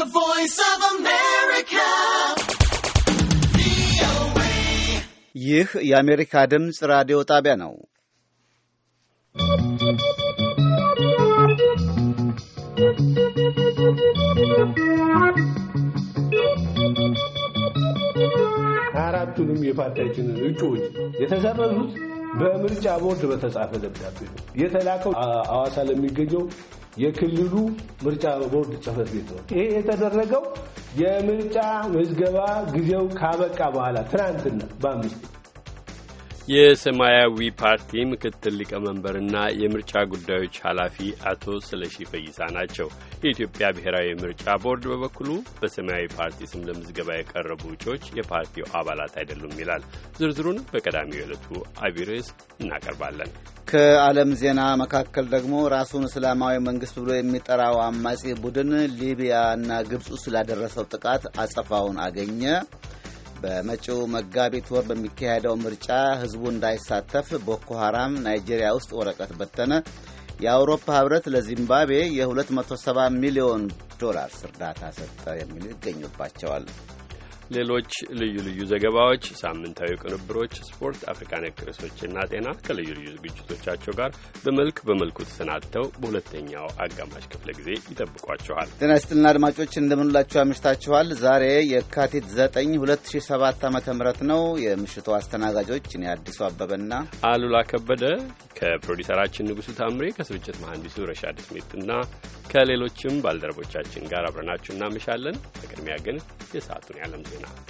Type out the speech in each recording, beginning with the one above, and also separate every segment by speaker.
Speaker 1: The Voice of America.
Speaker 2: ይህ የአሜሪካ ድምፅ ራዲዮ ጣቢያ ነው።
Speaker 3: አራቱንም የፓርቲያችንን እጩዎች የተሰረዙት በምርጫ ቦርድ በተጻፈ ደብዳቤ ነው የተላከው። አዋሳ ለሚገኘው የክልሉ ምርጫ ቦርድ ጽህፈት ቤት ነው። ይሄ የተደረገው የምርጫ ምዝገባ ጊዜው ካበቃ በኋላ ትናንትና በአምስት
Speaker 4: የሰማያዊ ፓርቲ ምክትል ሊቀመንበርና የምርጫ ጉዳዮች ኃላፊ አቶ ስለሺ ፈይሳ ናቸው። የኢትዮጵያ ብሔራዊ ምርጫ ቦርድ በበኩሉ በሰማያዊ ፓርቲ ስም ለምዝገባ የቀረቡ እጩዎች የፓርቲው አባላት አይደሉም ይላል። ዝርዝሩን በቀዳሚው የዕለቱ አቢሬስ እናቀርባለን።
Speaker 2: ከዓለም ዜና መካከል ደግሞ ራሱን እስላማዊ መንግስት ብሎ የሚጠራው አማጺ ቡድን ሊቢያና ግብፅ ስላደረሰው ጥቃት አጸፋውን አገኘ። በመጪው መጋቢት ወር በሚካሄደው ምርጫ ህዝቡ እንዳይሳተፍ ቦኮ ሐራም ናይጄሪያ ውስጥ ወረቀት በተነ። የአውሮፓ ህብረት ለዚምባብዌ የ270 ሚሊዮን ዶላር እርዳታ ሰጠ የሚሉ ይገኙባቸዋል።
Speaker 4: ሌሎች ልዩ ልዩ ዘገባዎች፣ ሳምንታዊ ቅንብሮች፣ ስፖርት፣ አፍሪካ ነክ ርዕሶችና ጤና ከልዩ ልዩ ዝግጅቶቻቸው ጋር በመልክ በመልኩ ተሰናድተው በሁለተኛው አጋማሽ ክፍለ ጊዜ ይጠብቋቸዋል።
Speaker 2: ጤና ይስጥልና አድማጮች እንደምንላችሁ አምሽታችኋል። ዛሬ የካቲት 9 2007 ዓ ም ነው። የምሽቱ አስተናጋጆች እኔ አዲሱ አበበና
Speaker 4: አሉላ ከበደ ከፕሮዲሰራችን ንጉሱ ታምሬ ከስርጭት መሐንዲሱ ረሻድ ስሜትና ከሌሎችም ባልደረቦቻችን ጋር አብረናችሁ እናመሻለን። በቅድሚያ ግን የሰዓቱን ያለም ዜና ይሆናል።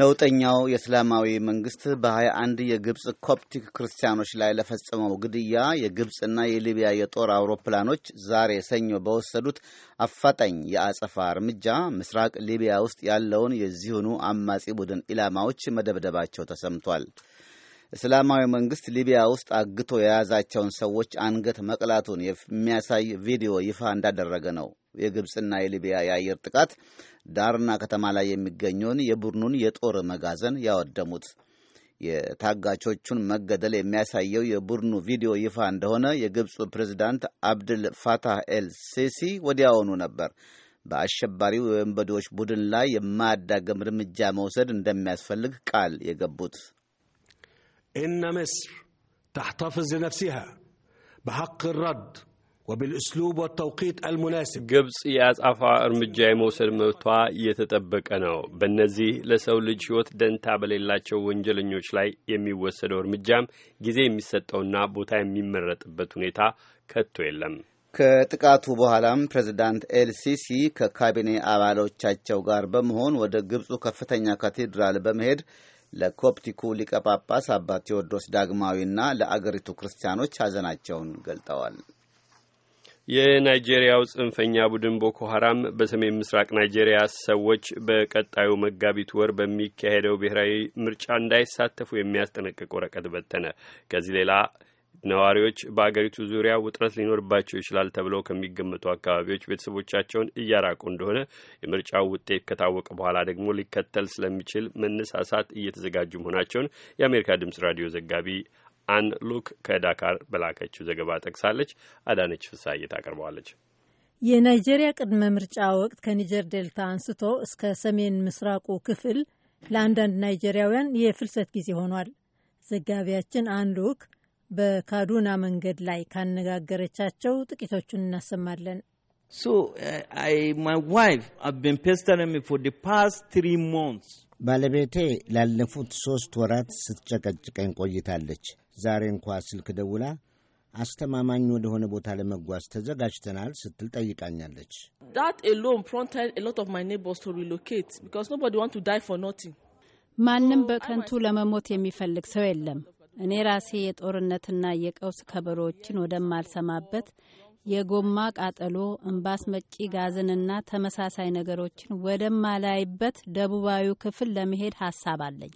Speaker 2: ነውጠኛው የእስላማዊ መንግስት በ 21 የግብፅ ኮፕቲክ ክርስቲያኖች ላይ ለፈጸመው ግድያ የግብፅና የሊቢያ የጦር አውሮፕላኖች ዛሬ ሰኞ በወሰዱት አፋጣኝ የአጸፋ እርምጃ ምስራቅ ሊቢያ ውስጥ ያለውን የዚሁኑ አማጺ ቡድን ኢላማዎች መደብደባቸው ተሰምቷል። እስላማዊ መንግስት ሊቢያ ውስጥ አግቶ የያዛቸውን ሰዎች አንገት መቅላቱን የሚያሳይ ቪዲዮ ይፋ እንዳደረገ ነው። የግብፅና የሊቢያ የአየር ጥቃት ዳርና ከተማ ላይ የሚገኘውን የቡድኑን የጦር መጋዘን ያወደሙት የታጋቾቹን መገደል የሚያሳየው የቡድኑ ቪዲዮ ይፋ እንደሆነ የግብፁ ፕሬዚዳንት አብድል ፋታህ ኤል ሲሲ ወዲያውኑ ነበር በአሸባሪው የወንበዴዎች ቡድን ላይ የማያዳግም እርምጃ መውሰድ እንደሚያስፈልግ ቃል የገቡት።
Speaker 3: إن مصر تحتفظ لنفسها بحق الرد وبالأسلوب والتوقيت المناسب
Speaker 4: ግብጽ የአጻፋ እርምጃ የመውሰድ መብቷ እየተጠበቀ ነው። በእነዚህ ለሰው ልጅ ሕይወት ደንታ በሌላቸው ወንጀለኞች ላይ የሚወሰደው እርምጃም ጊዜ የሚሰጠውና ቦታ የሚመረጥበት ሁኔታ ከቶ የለም።
Speaker 2: ከጥቃቱ በኋላም ፕሬዚዳንት ኤልሲሲ ከካቢኔ አባሎቻቸው ጋር በመሆን ወደ ግብፁ ከፍተኛ ካቴድራል በመሄድ ለኮፕቲኩ ሊቀ ጳጳስ አባ ቴዎድሮስ ዳግማዊና ለአገሪቱ ክርስቲያኖች ሐዘናቸውን ገልጠዋል።
Speaker 4: የናይጄሪያው ጽንፈኛ ቡድን ቦኮ ሀራም በሰሜን ምስራቅ ናይጄሪያ ሰዎች በቀጣዩ መጋቢት ወር በሚካሄደው ብሔራዊ ምርጫ እንዳይሳተፉ የሚያስጠነቅቅ ወረቀት በተነ። ከዚህ ሌላ ነዋሪዎች በአገሪቱ ዙሪያ ውጥረት ሊኖርባቸው ይችላል ተብለው ከሚገመቱ አካባቢዎች ቤተሰቦቻቸውን እያራቁ እንደሆነ የምርጫው ውጤት ከታወቀ በኋላ ደግሞ ሊከተል ስለሚችል መነሳሳት እየተዘጋጁ መሆናቸውን የአሜሪካ ድምጽ ራዲዮ ዘጋቢ አን ሉክ ከዳካር በላከችው ዘገባ ጠቅሳለች። አዳነች ፍሳዬ ታቀርበዋለች።
Speaker 5: የናይጄሪያ ቅድመ ምርጫ ወቅት ከኒጀር ዴልታ አንስቶ እስከ ሰሜን ምስራቁ ክፍል ለአንዳንድ ናይጄሪያውያን የፍልሰት ጊዜ ሆኗል። ዘጋቢያችን አን ሉክ በካዱና መንገድ ላይ ካነጋገረቻቸው ጥቂቶቹን እናሰማለን።
Speaker 3: uh,
Speaker 6: ባለቤቴ ላለፉት ሦስት ወራት ስትጨቀጭቀኝ ቆይታለች። ዛሬ እንኳ ስልክ ደውላ አስተማማኝ ወደሆነ ቦታ ለመጓዝ ተዘጋጅተናል ስትል ጠይቃኛለች።
Speaker 7: ማንም በከንቱ ለመሞት የሚፈልግ ሰው የለም። እኔ ራሴ የጦርነትና የቀውስ ከበሮዎችን ወደማልሰማበት የጎማ ቃጠሎ፣ እምባስ መጪ ጋዝንና ተመሳሳይ ነገሮችን ወደማላይበት ደቡባዊ ክፍል ለመሄድ ሀሳብ አለኝ።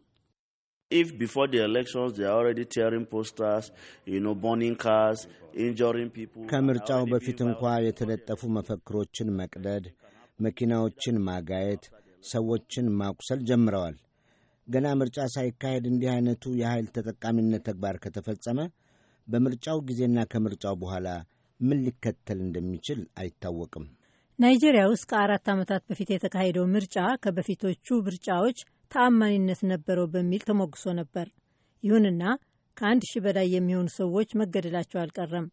Speaker 2: if before the elections they are already tearing posters, you know, burning cars, injuring people. ከምርጫው በፊት
Speaker 6: እንኳ የተለጠፉ መፈክሮችን መቅደድ፣ መኪናዎችን ማጋየት፣ ሰዎችን ማቁሰል ጀምረዋል። ገና ምርጫ ሳይካሄድ እንዲህ አይነቱ የኃይል ተጠቃሚነት ተግባር ከተፈጸመ በምርጫው ጊዜና ከምርጫው በኋላ ምን ሊከተል እንደሚችል አይታወቅም።
Speaker 5: ናይጄሪያ ውስጥ ከአራት ዓመታት በፊት የተካሄደው ምርጫ ከበፊቶቹ ምርጫዎች ተአማኒነት ነበረው በሚል ተሞግሶ ነበር። ይሁንና ከአንድ ሺህ በላይ የሚሆኑ ሰዎች መገደላቸው አልቀረም።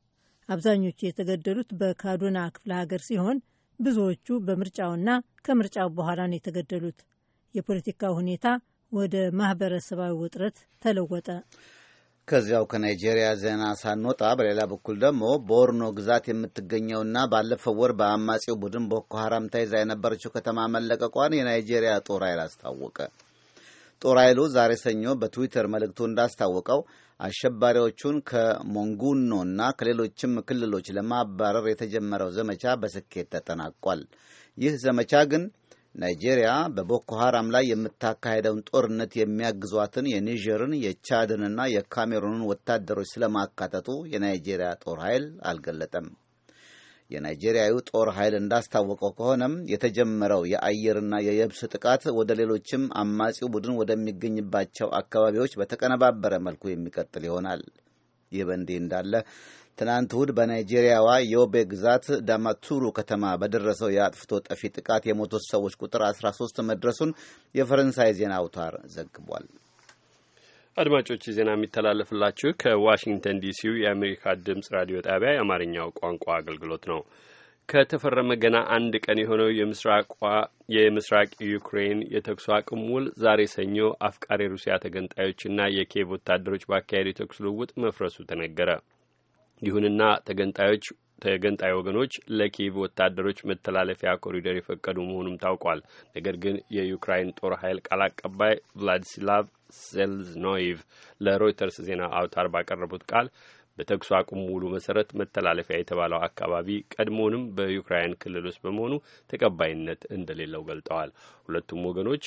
Speaker 5: አብዛኞቹ የተገደሉት በካዱና ክፍለ ሀገር ሲሆን ብዙዎቹ በምርጫውና ከምርጫው በኋላ ነው የተገደሉት። የፖለቲካው ሁኔታ ወደ ማህበረሰባዊ ውጥረት ተለወጠ።
Speaker 2: ከዚያው ከናይጄሪያ ዜና ሳንወጣ በሌላ በኩል ደግሞ ቦርኖ ግዛት የምትገኘውና ባለፈው ወር በአማጺው ቡድን ቦኮ ሀራም ተይዛ የነበረችው ከተማ መለቀቋን የናይጄሪያ ጦር ኃይል አስታወቀ። ጦር ኃይሉ ዛሬ ሰኞ በትዊተር መልእክቱ እንዳስታወቀው አሸባሪዎቹን ከሞንጉኖና ከሌሎችም ክልሎች ለማባረር የተጀመረው ዘመቻ በስኬት ተጠናቋል። ይህ ዘመቻ ግን ናይጄሪያ በቦኮ ሀራም ላይ የምታካሄደውን ጦርነት የሚያግዟትን የኒጀርን የቻድንና የካሜሩንን ወታደሮች ስለማካተቱ የናይጄሪያ ጦር ኃይል አልገለጠም። የናይጄሪያዊ ጦር ኃይል እንዳስታወቀው ከሆነም የተጀመረው የአየርና የየብስ ጥቃት ወደ ሌሎችም አማጺው ቡድን ወደሚገኝባቸው አካባቢዎች በተቀነባበረ መልኩ የሚቀጥል ይሆናል። ይህ በእንዲህ እንዳለ ትናንት እሁድ በናይጄሪያዋ ዮቤ ግዛት ዳማቱሩ ከተማ በደረሰው የአጥፍቶ ጠፊ ጥቃት የሞቱት ሰዎች ቁጥር 13 መድረሱን የፈረንሳይ ዜና አውታር ዘግቧል።
Speaker 4: አድማጮች ዜና የሚተላለፍላችሁ ከዋሽንግተን ዲሲው የአሜሪካ ድምጽ ራዲዮ ጣቢያ የአማርኛው ቋንቋ አገልግሎት ነው። ከተፈረመ ገና አንድ ቀን የሆነው የምስራቅ ዩክሬን የተኩስ አቁም ውል ዛሬ ሰኞ አፍቃሪ ሩሲያ ተገንጣዮችና የኬቭ ወታደሮች ባካሄዱ የተኩስ ልውውጥ መፍረሱ ተነገረ። ይሁንና ተገንጣዮች ተገንጣይ ወገኖች ለኪየቭ ወታደሮች መተላለፊያ ኮሪደር የፈቀዱ መሆኑም ታውቋል። ነገር ግን የዩክራይን ጦር ኃይል ቃል አቀባይ ቭላዲስላቭ ሴልዝኖይቭ ለሮይተርስ ዜና አውታር ባቀረቡት ቃል በተኩስ አቁም ውሉ መሰረት መተላለፊያ የተባለው አካባቢ ቀድሞውንም በዩክራይን ክልል ውስጥ በመሆኑ ተቀባይነት እንደሌለው ገልጠዋል። ሁለቱም ወገኖች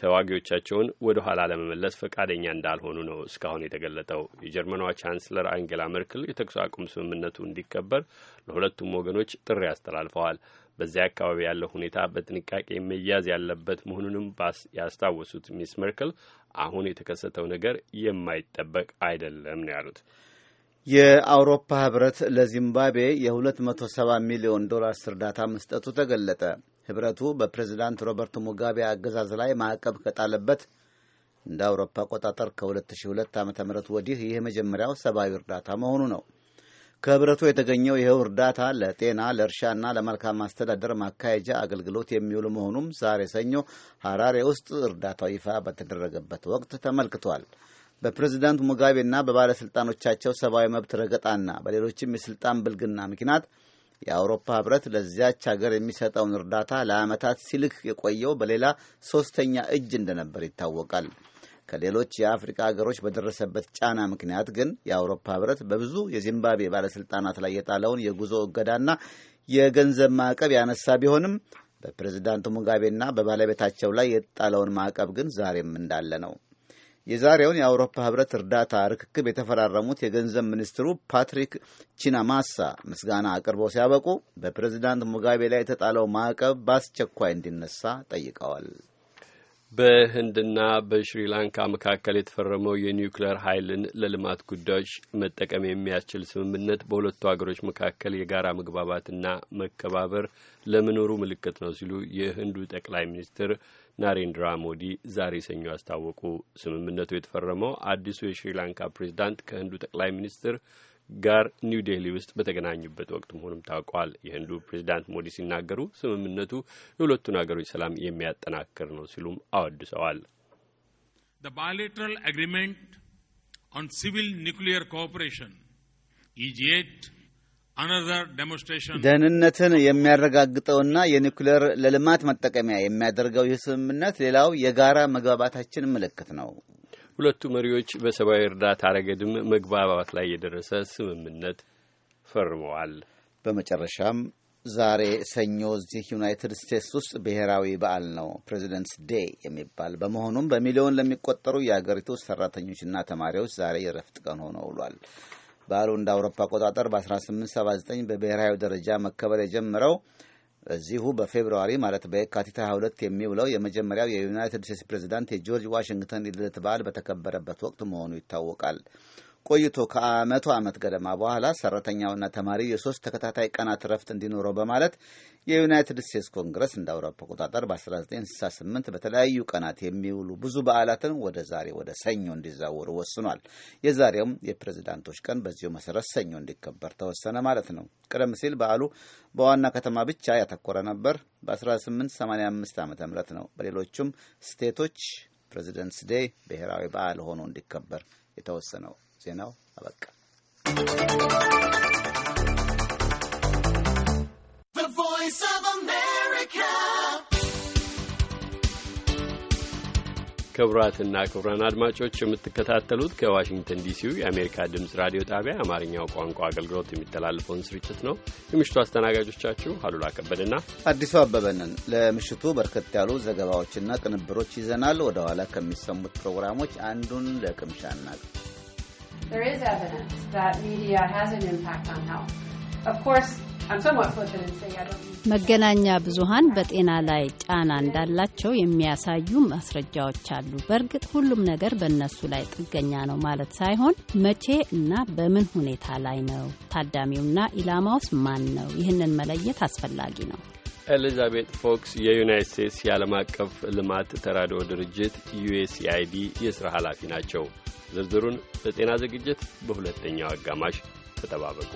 Speaker 4: ተዋጊዎቻቸውን ወደ ኋላ ለመመለስ ፈቃደኛ እንዳልሆኑ ነው እስካሁን የተገለጠው። የጀርመኗ ቻንስለር አንጌላ መርክል የተኩስ አቁም ስምምነቱ እንዲከበር ለሁለቱም ወገኖች ጥሪ አስተላልፈዋል። በዚያ አካባቢ ያለው ሁኔታ በጥንቃቄ መያዝ ያለበት መሆኑንም ያስታወሱት ሚስ መርክል አሁን የተከሰተው ነገር የማይጠበቅ አይደለም ነው ያሉት።
Speaker 2: የአውሮፓ ህብረት ለዚምባብዌ የ270 ሚሊዮን ዶላር እርዳታ መስጠቱ ተገለጠ። ህብረቱ በፕሬዚዳንት ሮበርት ሙጋቤ አገዛዝ ላይ ማዕቀብ ከጣለበት እንደ አውሮፓ አቆጣጠር ከ2002 ዓ ም ወዲህ ይህ የመጀመሪያው ሰብአዊ እርዳታ መሆኑ ነው። ከህብረቱ የተገኘው ይኸው እርዳታ ለጤና ለእርሻና ለመልካም አስተዳደር ማካሄጃ አገልግሎት የሚውል መሆኑም ዛሬ ሰኞ ሐራሬ ውስጥ እርዳታው ይፋ በተደረገበት ወቅት ተመልክቷል። በፕሬዚዳንት ሙጋቤና በባለሥልጣኖቻቸው ሰብአዊ መብት ረገጣና በሌሎችም የሥልጣን ብልግና ምክንያት የአውሮፓ ህብረት ለዚያች ሀገር የሚሰጠውን እርዳታ ለአመታት ሲልክ የቆየው በሌላ ሶስተኛ እጅ እንደነበር ይታወቃል። ከሌሎች የአፍሪካ ሀገሮች በደረሰበት ጫና ምክንያት ግን የአውሮፓ ህብረት በብዙ የዚምባብዌ ባለስልጣናት ላይ የጣለውን የጉዞ እገዳና የገንዘብ ማዕቀብ ያነሳ ቢሆንም በፕሬዚዳንቱ ሙጋቤና በባለቤታቸው ላይ የጣለውን ማዕቀብ ግን ዛሬም እንዳለ ነው። የዛሬውን የአውሮፓ ህብረት እርዳታ ርክክብ የተፈራረሙት የገንዘብ ሚኒስትሩ ፓትሪክ ቺናማሳ ምስጋና አቅርበው ሲያበቁ በፕሬዚዳንት ሙጋቤ ላይ የተጣለው ማዕቀብ በአስቸኳይ እንዲነሳ ጠይቀዋል።
Speaker 4: በህንድና በሽሪላንካ መካከል የተፈረመው የኒውክሌር ኃይልን ለልማት ጉዳዮች መጠቀም የሚያስችል ስምምነት በሁለቱ ሀገሮች መካከል የጋራ መግባባትና መከባበር ለመኖሩ ምልክት ነው ሲሉ የህንዱ ጠቅላይ ሚኒስትር ናሬንድራ ሞዲ ዛሬ ሰኞ አስታወቁ። ስምምነቱ የተፈረመው አዲሱ የሽሪላንካ ፕሬዚዳንት ከህንዱ ጠቅላይ ሚኒስትር ጋር ኒው ዴሊ ውስጥ በተገናኙበት ወቅት መሆኑም ታውቋል። የህንዱ ፕሬዚዳንት ሞዲ ሲናገሩ ስምምነቱ የሁለቱን አገሮች ሰላም የሚያጠናክር ነው ሲሉም አወድሰዋል።
Speaker 8: ባይሌትራል አግሪመንት ኦን ሲቪል ኒውክሊየር ኮኦፕሬሽን ኢዝ
Speaker 2: ደህንነትን የሚያረጋግጠውና የኒውክሌር ለልማት መጠቀሚያ የሚያደርገው ይህ ስምምነት ሌላው የጋራ መግባባታችን ምልክት ነው።
Speaker 4: ሁለቱ መሪዎች በሰብአዊ እርዳታ ረገድም መግባባት ላይ የደረሰ ስምምነት ፈርመዋል።
Speaker 2: በመጨረሻም ዛሬ ሰኞ እዚህ ዩናይትድ ስቴትስ ውስጥ ብሔራዊ በዓል ነው፣ ፕሬዚደንትስ ዴይ የሚባል በመሆኑም በሚሊዮን ለሚቆጠሩ የአገሪቱ ሰራተኞችና ተማሪዎች ዛሬ የረፍት ቀን ሆኖ ውሏል። በዓሉ እንደ አውሮፓ አቆጣጠር በ1879 በብሔራዊ ደረጃ መከበር የጀመረው በዚሁ በፌብርዋሪ ማለት በየካቲት 22 የሚውለው የመጀመሪያው የዩናይትድ ስቴትስ ፕሬዚዳንት የጆርጅ ዋሽንግተን ልደት በዓል በተከበረበት ወቅት መሆኑ ይታወቃል። ቆይቶ ከመቶ ዓመት ገደማ በኋላ ሰራተኛውና ተማሪ የሶስት ተከታታይ ቀናት ረፍት እንዲኖረው በማለት የዩናይትድ ስቴትስ ኮንግረስ እንደ አውሮፓ አቆጣጠር በ1968 በተለያዩ ቀናት የሚውሉ ብዙ በዓላትን ወደ ዛሬ ወደ ሰኞ እንዲዛወሩ ወስኗል። የዛሬውም የፕሬዚዳንቶች ቀን በዚሁ መሰረት ሰኞ እንዲከበር ተወሰነ ማለት ነው። ቀደም ሲል በዓሉ በዋና ከተማ ብቻ ያተኮረ ነበር። በ1885 ዓ ም ነው በሌሎቹም ስቴቶች ፕሬዚደንትስ ዴይ ብሔራዊ በዓል ሆኖ እንዲከበር የተወሰነው። ዜናው አበቃ።
Speaker 4: ክቡራትና ክቡራን አድማጮች የምትከታተሉት ከዋሽንግተን ዲሲው የአሜሪካ ድምፅ ራዲዮ ጣቢያ የአማርኛው ቋንቋ አገልግሎት የሚተላለፈውን ስርጭት ነው። የምሽቱ አስተናጋጆቻችሁ አሉላ ከበድና አዲሱ
Speaker 2: አበበንን ለምሽቱ በርከት ያሉ ዘገባዎችና ቅንብሮች ይዘናል። ወደ ኋላ ከሚሰሙት ፕሮግራሞች አንዱን ለቅምሻ እናገር።
Speaker 4: there is evidence that media has an impact on health. Of course, I'm somewhat flippant in saying I don't
Speaker 7: መገናኛ ብዙኃን በጤና ላይ ጫና እንዳላቸው የሚያሳዩ ማስረጃዎች አሉ። በእርግጥ ሁሉም ነገር በእነሱ ላይ ጥገኛ ነው ማለት ሳይሆን መቼ እና በምን ሁኔታ ላይ ነው፣ ታዳሚውና ኢላማውስ ማን ነው? ይህንን መለየት አስፈላጊ ነው።
Speaker 4: ኤሊዛቤት ፎክስ የዩናይት ስቴትስ የዓለም አቀፍ ልማት ተራድኦ ድርጅት ዩኤስኤአይዲ የሥራ ኃላፊ ናቸው። ዝርዝሩን በጤና ዝግጅት በሁለተኛው አጋማሽ ተጠባበቁ።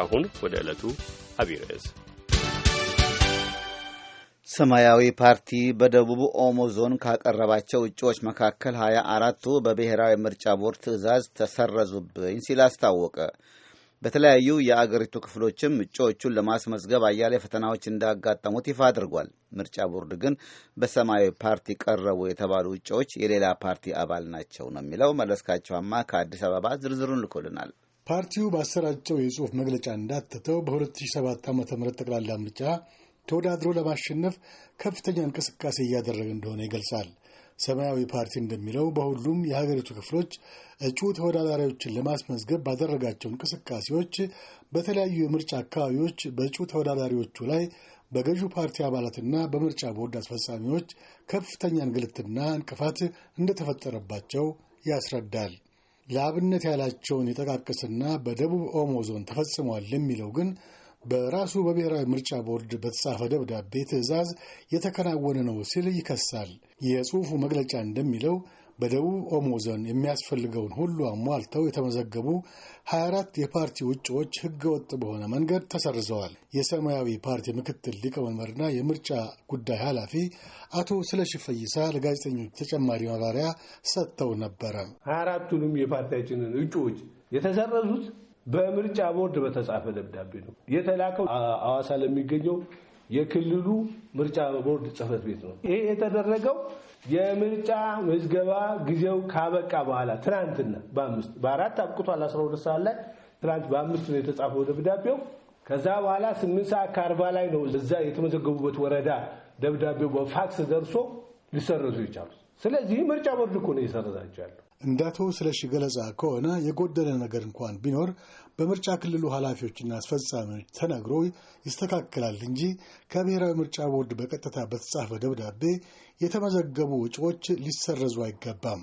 Speaker 4: አሁን ወደ ዕለቱ አብይ ርዕስ
Speaker 2: ሰማያዊ ፓርቲ በደቡብ ኦሞ ዞን ካቀረባቸው እጩዎች መካከል ሀያ አራቱ በብሔራዊ ምርጫ ቦርድ ትዕዛዝ ተሰረዙብኝ ሲል አስታወቀ። በተለያዩ የአገሪቱ ክፍሎችም እጩዎቹን ለማስመዝገብ አያሌ ፈተናዎች እንዳጋጠሙት ይፋ አድርጓል። ምርጫ ቦርድ ግን በሰማያዊ ፓርቲ ቀረቡ የተባሉ እጩዎች የሌላ ፓርቲ አባል ናቸው ነው የሚለው። መለስካቸዋማ ከአዲስ አበባ ዝርዝሩን ልኮልናል።
Speaker 9: ፓርቲው ባሰራጨው የጽሑፍ መግለጫ እንዳተተው በ2007 ዓ ም ጠቅላላ ምርጫ ተወዳድሮ ለማሸነፍ ከፍተኛ እንቅስቃሴ እያደረገ እንደሆነ ይገልጻል። ሰማያዊ ፓርቲ እንደሚለው በሁሉም የሀገሪቱ ክፍሎች እጩ ተወዳዳሪዎችን ለማስመዝገብ ባደረጋቸው እንቅስቃሴዎች በተለያዩ የምርጫ አካባቢዎች በእጩ ተወዳዳሪዎቹ ላይ በገዢው ፓርቲ አባላትና በምርጫ ቦርድ አስፈጻሚዎች ከፍተኛ እንግልትና እንቅፋት እንደተፈጠረባቸው ያስረዳል። ለአብነት ያላቸውን የጠቃቀስና በደቡብ ኦሞ ዞን ተፈጽሟል የሚለው ግን በራሱ በብሔራዊ ምርጫ ቦርድ በተጻፈ ደብዳቤ ትዕዛዝ የተከናወነ ነው ሲል ይከሳል። የጽሑፉ መግለጫ እንደሚለው በደቡብ ኦሞ ዞን የሚያስፈልገውን ሁሉ አሟልተው የተመዘገቡ 24 የፓርቲ ውጭዎች ህገወጥ በሆነ መንገድ ተሰርዘዋል። የሰማያዊ ፓርቲ ምክትል ሊቀመንበርና የምርጫ ጉዳይ ኃላፊ አቶ ስለሺ ፈይሳ ለጋዜጠኞች ተጨማሪ ማብራሪያ
Speaker 3: ሰጥተው ነበረ። 24ቱንም የፓርቲያችንን እጩዎች የተሰረዙት በምርጫ ቦርድ በተጻፈ ደብዳቤ ነው የተላከው። አዋሳ ለሚገኘው የክልሉ ምርጫ ቦርድ ጽህፈት ቤት ነው ይሄ የተደረገው። የምርጫ ምዝገባ ጊዜው ካበቃ በኋላ ትናንትና በአምስት በአራት አብቅቷል። አስራ ሁለት ሰዓት ላይ ትናንት በአምስት ነው የተጻፈው ደብዳቤው። ከዛ በኋላ ስምንት ሰዓት ከአርባ ላይ ነው እዛ የተመዘገቡበት ወረዳ ደብዳቤው በፋክስ ደርሶ ሊሰረዙ ይቻሉ። ስለዚህ ምርጫ ቦርድ እኮ ነው የሰረዛቸው ያለው
Speaker 9: እንደ አቶ ስለሺ ገለጻ ከሆነ የጎደለ ነገር እንኳን ቢኖር በምርጫ ክልሉ ኃላፊዎችና አስፈጻሚዎች ተነግሮ ይስተካከላል እንጂ ከብሔራዊ ምርጫ ቦርድ በቀጥታ በተጻፈ ደብዳቤ የተመዘገቡ ውጭዎች ሊሰረዙ አይገባም።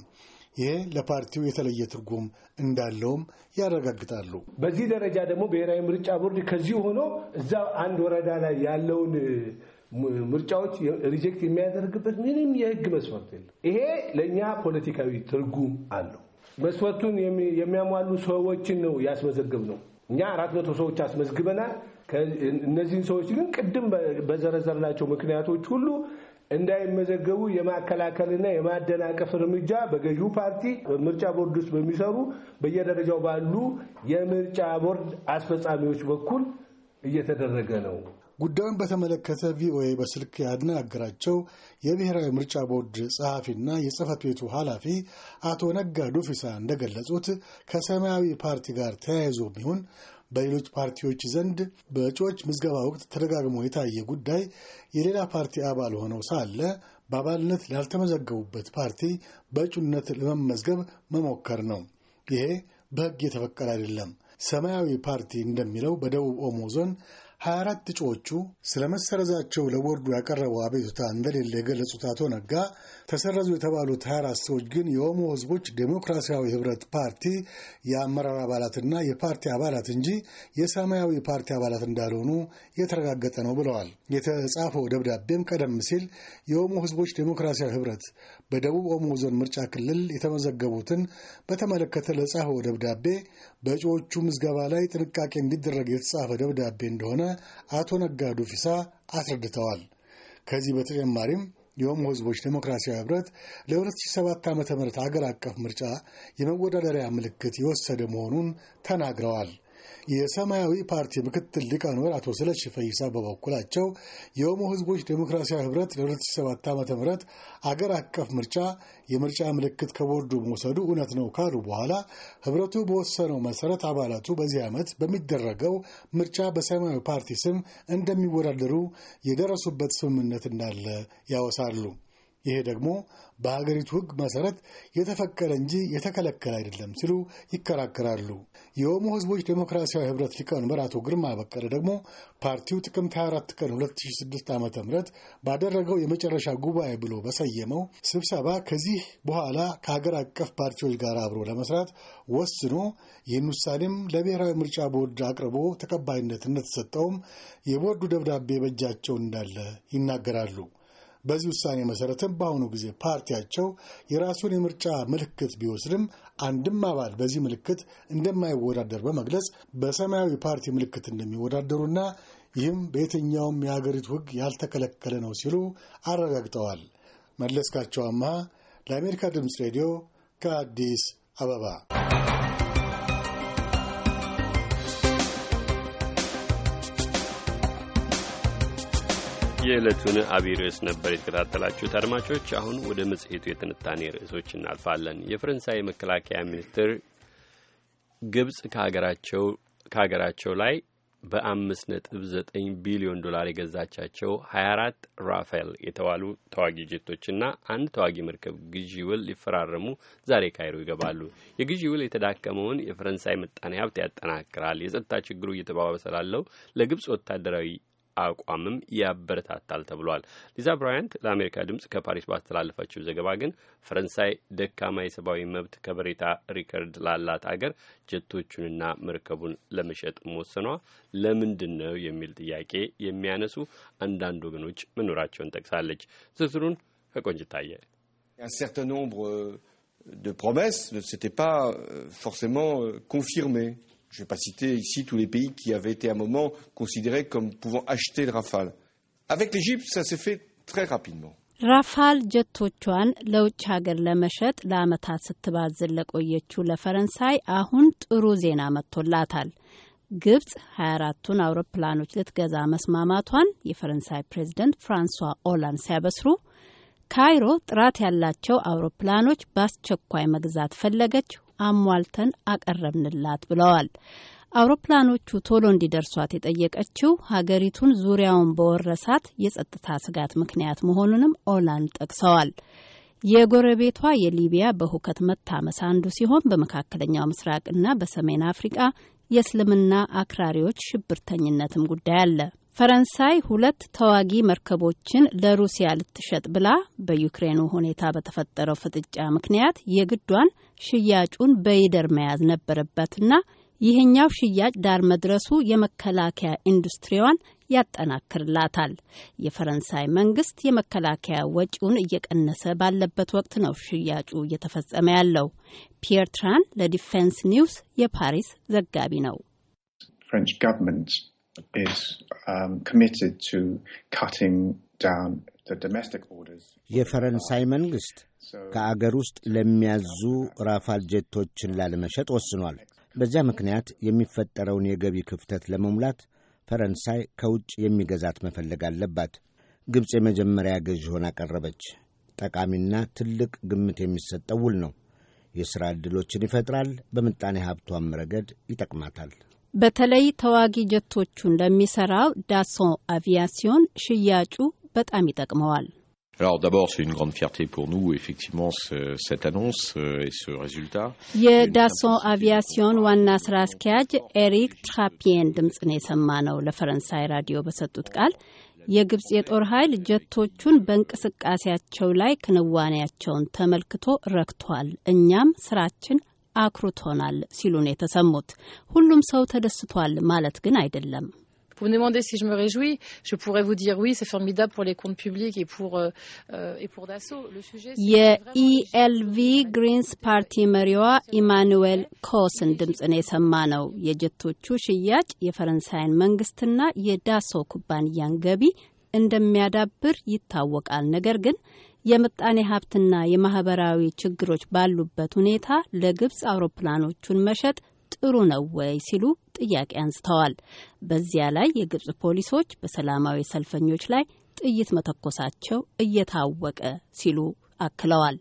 Speaker 9: ይሄ ለፓርቲው የተለየ ትርጉም እንዳለውም ያረጋግጣሉ። በዚህ
Speaker 3: ደረጃ ደግሞ ብሔራዊ ምርጫ ቦርድ ከዚህ ሆኖ እዛ አንድ ወረዳ ላይ ያለውን ምርጫዎች ሪጀክት የሚያደርግበት ምንም የህግ መስፈርት የለም። ይሄ ለእኛ ፖለቲካዊ ትርጉም አለው። መስፈርቱን የሚያሟሉ ሰዎችን ነው ያስመዘግብ ነው። እኛ አራት መቶ ሰዎች አስመዝግበናል። እነዚህን ሰዎች ግን ቅድም በዘረዘርናቸው ምክንያቶች ሁሉ እንዳይመዘገቡ የማከላከልና የማደናቀፍ እርምጃ በገዢው ፓርቲ ምርጫ ቦርድ ውስጥ በሚሰሩ በየደረጃው ባሉ የምርጫ ቦርድ አስፈጻሚዎች በኩል እየተደረገ ነው።
Speaker 9: ጉዳዩን በተመለከተ ቪኦኤ በስልክ ያነጋገራቸው የብሔራዊ ምርጫ ቦርድ ጸሐፊና የጽህፈት ቤቱ ኃላፊ አቶ ነጋ ዱፊሳ እንደገለጹት ከሰማያዊ ፓርቲ ጋር ተያይዞ ቢሆን በሌሎች ፓርቲዎች ዘንድ በእጩዎች ምዝገባ ወቅት ተደጋግሞ የታየ ጉዳይ የሌላ ፓርቲ አባል ሆነው ሳለ በአባልነት ላልተመዘገቡበት ፓርቲ በእጩነት ለመመዝገብ መሞከር ነው። ይሄ በሕግ የተፈቀደ አይደለም። ሰማያዊ ፓርቲ እንደሚለው በደቡብ ኦሞ ዞን 24 እጩዎቹ ስለ መሰረዛቸው ለቦርዱ ያቀረበው አቤቱታ እንደሌለ የገለጹት አቶ ነጋ ተሰረዙ የተባሉት 24 ሰዎች ግን የኦሞ ህዝቦች ዴሞክራሲያዊ ህብረት ፓርቲ የአመራር አባላትና የፓርቲ አባላት እንጂ የሰማያዊ ፓርቲ አባላት እንዳልሆኑ የተረጋገጠ ነው ብለዋል። የተጻፈው ደብዳቤም ቀደም ሲል የኦሞ ህዝቦች ዴሞክራሲያዊ ህብረት በደቡብ ኦሞ ዞን ምርጫ ክልል የተመዘገቡትን በተመለከተ ለጻፈው ደብዳቤ በእጩዎቹ ምዝገባ ላይ ጥንቃቄ እንዲደረግ የተጻፈ ደብዳቤ እንደሆነ አቶ ነጋዱ ፊሳ አስረድተዋል። ከዚህ በተጨማሪም የኦሞ ህዝቦች ዴሞክራሲያዊ ህብረት ለ2007 ዓ ም አገር አቀፍ ምርጫ የመወዳደሪያ ምልክት የወሰደ መሆኑን ተናግረዋል። የሰማያዊ ፓርቲ ምክትል ሊቀመንበር አቶ ስለሽ ፈይሳ በበኩላቸው የኦሞ ህዝቦች ዴሞክራሲያዊ ህብረት ለ2007 ዓ ም አገር አቀፍ ምርጫ የምርጫ ምልክት ከቦርዱ መውሰዱ እውነት ነው ካሉ በኋላ ህብረቱ በወሰነው መሰረት አባላቱ በዚህ ዓመት በሚደረገው ምርጫ በሰማያዊ ፓርቲ ስም እንደሚወዳደሩ የደረሱበት ስምምነት እንዳለ ያወሳሉ። ይሄ ደግሞ በሀገሪቱ ህግ መሰረት የተፈቀደ እንጂ የተከለከለ አይደለም ሲሉ ይከራከራሉ። የኦሞ ህዝቦች ዴሞክራሲያዊ ህብረት ሊቀመንበር አቶ ግርማ በቀለ ደግሞ ፓርቲው ጥቅምት 24 ቀን 2006 ዓ ም ባደረገው የመጨረሻ ጉባኤ ብሎ በሰየመው ስብሰባ ከዚህ በኋላ ከሀገር አቀፍ ፓርቲዎች ጋር አብሮ ለመስራት ወስኖ ይህን ውሳኔም ለብሔራዊ ምርጫ ቦርድ አቅርቦ ተቀባይነት እንደተሰጠውም የቦርዱ ደብዳቤ በእጃቸው እንዳለ ይናገራሉ። በዚህ ውሳኔ መሰረትም በአሁኑ ጊዜ ፓርቲያቸው የራሱን የምርጫ ምልክት ቢወስድም አንድም አባል በዚህ ምልክት እንደማይወዳደር በመግለጽ በሰማያዊ ፓርቲ ምልክት እንደሚወዳደሩና ይህም በየትኛውም የአገሪቱ ሕግ ያልተከለከለ ነው ሲሉ አረጋግጠዋል። መለስካቸው አምሃ ለአሜሪካ ድምፅ ሬዲዮ ከአዲስ አበባ
Speaker 4: የዕለቱን አብይ ርዕስ ነበር የተከታተላችሁት አድማጮች። አሁን ወደ መጽሔቱ የትንታኔ ርዕሶች እናልፋለን። የፈረንሳይ መከላከያ ሚኒስትር ግብጽ ከሀገራቸው ከሀገራቸው ላይ በአምስት ነጥብ ዘጠኝ ቢሊዮን ዶላር የገዛቻቸው ሀያ አራት ራፋኤል የተባሉ ተዋጊ ጀቶችና አንድ ተዋጊ መርከብ ግዢ ውል ሊፈራረሙ ዛሬ ካይሮ ይገባሉ። የግዢ ውል የተዳከመውን የፈረንሳይ ምጣኔ ሀብት ያጠናክራል፣ የጸጥታ ችግሩ እየተባባሰ ላለው ለግብጽ ወታደራዊ አቋምም ያበረታታል ተብሏል። ሊዛ ብራያንት ለአሜሪካ ድምጽ ከፓሪስ ባስተላለፈችው ዘገባ ግን ፈረንሳይ ደካማ የሰብአዊ መብት ከበሬታ ሪከርድ ላላት አገር ጀቶቹንና መርከቡን ለመሸጥ መወሰኗ ለምንድን ነው የሚል ጥያቄ የሚያነሱ አንዳንድ ወገኖች መኖራቸውን ጠቅሳለች። ዝርዝሩን ከቆንጅታየ
Speaker 3: Un certain nombre de promesses ne s'étaient pas forcément Je ne vais pas citer ici tous les pays qui avaient été à un moment considérés comme pouvant acheter le Rafale. Avec l'Égypte, ça s'est fait très rapidement።
Speaker 7: ራፋል ጀቶቿን ለውጭ ሀገር ለመሸጥ ለአመታት ስትባዝን ለቆየችው ለፈረንሳይ አሁን ጥሩ ዜና መጥቶላታል። ግብጽ 24ቱን አውሮፕላኖች ልትገዛ መስማማቷን የፈረንሳይ ፕሬዝደንት ፍራንሷ ኦላንድ ሲያበስሩ ካይሮ ጥራት ያላቸው አውሮፕላኖች በአስቸኳይ መግዛት ፈለገች። አሟልተን አቀረብንላት ብለዋል። አውሮፕላኖቹ ቶሎ እንዲደርሷት የጠየቀችው ሀገሪቱን ዙሪያውን በወረሳት የጸጥታ ስጋት ምክንያት መሆኑንም ኦላንድ ጠቅሰዋል። የጎረቤቷ የሊቢያ በሁከት መታመስ አንዱ ሲሆን በመካከለኛው ምስራቅና በሰሜን አፍሪቃ የእስልምና አክራሪዎች ሽብርተኝነትም ጉዳይ አለ። ፈረንሳይ ሁለት ተዋጊ መርከቦችን ለሩሲያ ልትሸጥ ብላ በዩክሬኑ ሁኔታ በተፈጠረው ፍጥጫ ምክንያት የግዷን ሽያጩን በይደር መያዝ ና ይህኛው ሽያጭ ዳር መድረሱ የመከላከያ ኢንዱስትሪዋን ያጠናክርላታል። የፈረንሳይ መንግስት የመከላከያ ወጪውን እየቀነሰ ባለበት ወቅት ነው ሽያጩ እየተፈጸመ ያለው። ፒየር ትራን ለዲፌንስ ኒውስ የፓሪስ ዘጋቢ ነው።
Speaker 9: Um,
Speaker 6: የፈረንሳይ መንግሥት ከአገር ውስጥ ለሚያዙ ራፋል ጀቶችን ላለመሸጥ ወስኗል። በዚያ ምክንያት የሚፈጠረውን የገቢ ክፍተት ለመሙላት ፈረንሳይ ከውጭ የሚገዛት መፈለግ አለባት። ግብፅ የመጀመሪያ ገዢ ሆና ቀረበች። ጠቃሚና ትልቅ ግምት የሚሰጠው ውል ነው። የሥራ ዕድሎችን ይፈጥራል። በምጣኔ ሀብቷም ረገድ ይጠቅማታል።
Speaker 7: በተለይ ተዋጊ ጀቶቹን ለሚሰራው ዳሶን አቪያሲዮን ሽያጩ በጣም ይጠቅመዋል። የዳሶን አቪያሲዮን ዋና ስራ አስኪያጅ ኤሪክ ትራፒየን ድምፅን የሰማ ነው ለፈረንሳይ ራዲዮ በሰጡት ቃል የግብፅ የጦር ኃይል ጀቶቹን በእንቅስቃሴያቸው ላይ ክንዋኔያቸውን ተመልክቶ ረክቷል። እኛም ስራችን አክሩቶናል ሲሉ ነው የተሰሙት። ሁሉም ሰው ተደስቷል ማለት ግን አይደለም።
Speaker 5: Vous me demandez si je me réjouis, je pourrais vous dire oui, c'est formidable pour les comptes publics et pour, euh, et pour Dassault. Le sujet,
Speaker 7: የኢኤልቪ ግሪንስ ፓርቲ መሪዋ ኢማኑዌል ኮስን ድምፅን የሰማ ነው። የጀቶቹ ሽያጭ የፈረንሳይን መንግስትና የዳሶ ኩባንያን ገቢ እንደሚያዳብር ይታወቃል። ነገር ግን የምጣኔ ሀብትና የማህበራዊ ችግሮች ባሉበት ሁኔታ ለግብፅ አውሮፕላኖቹን መሸጥ ጥሩ ነው ወይ ሲሉ ጥያቄ አንስተዋል። በዚያ ላይ የግብፅ ፖሊሶች በሰላማዊ ሰልፈኞች ላይ ጥይት መተኮሳቸው እየታወቀ ሲሉ አክለዋል።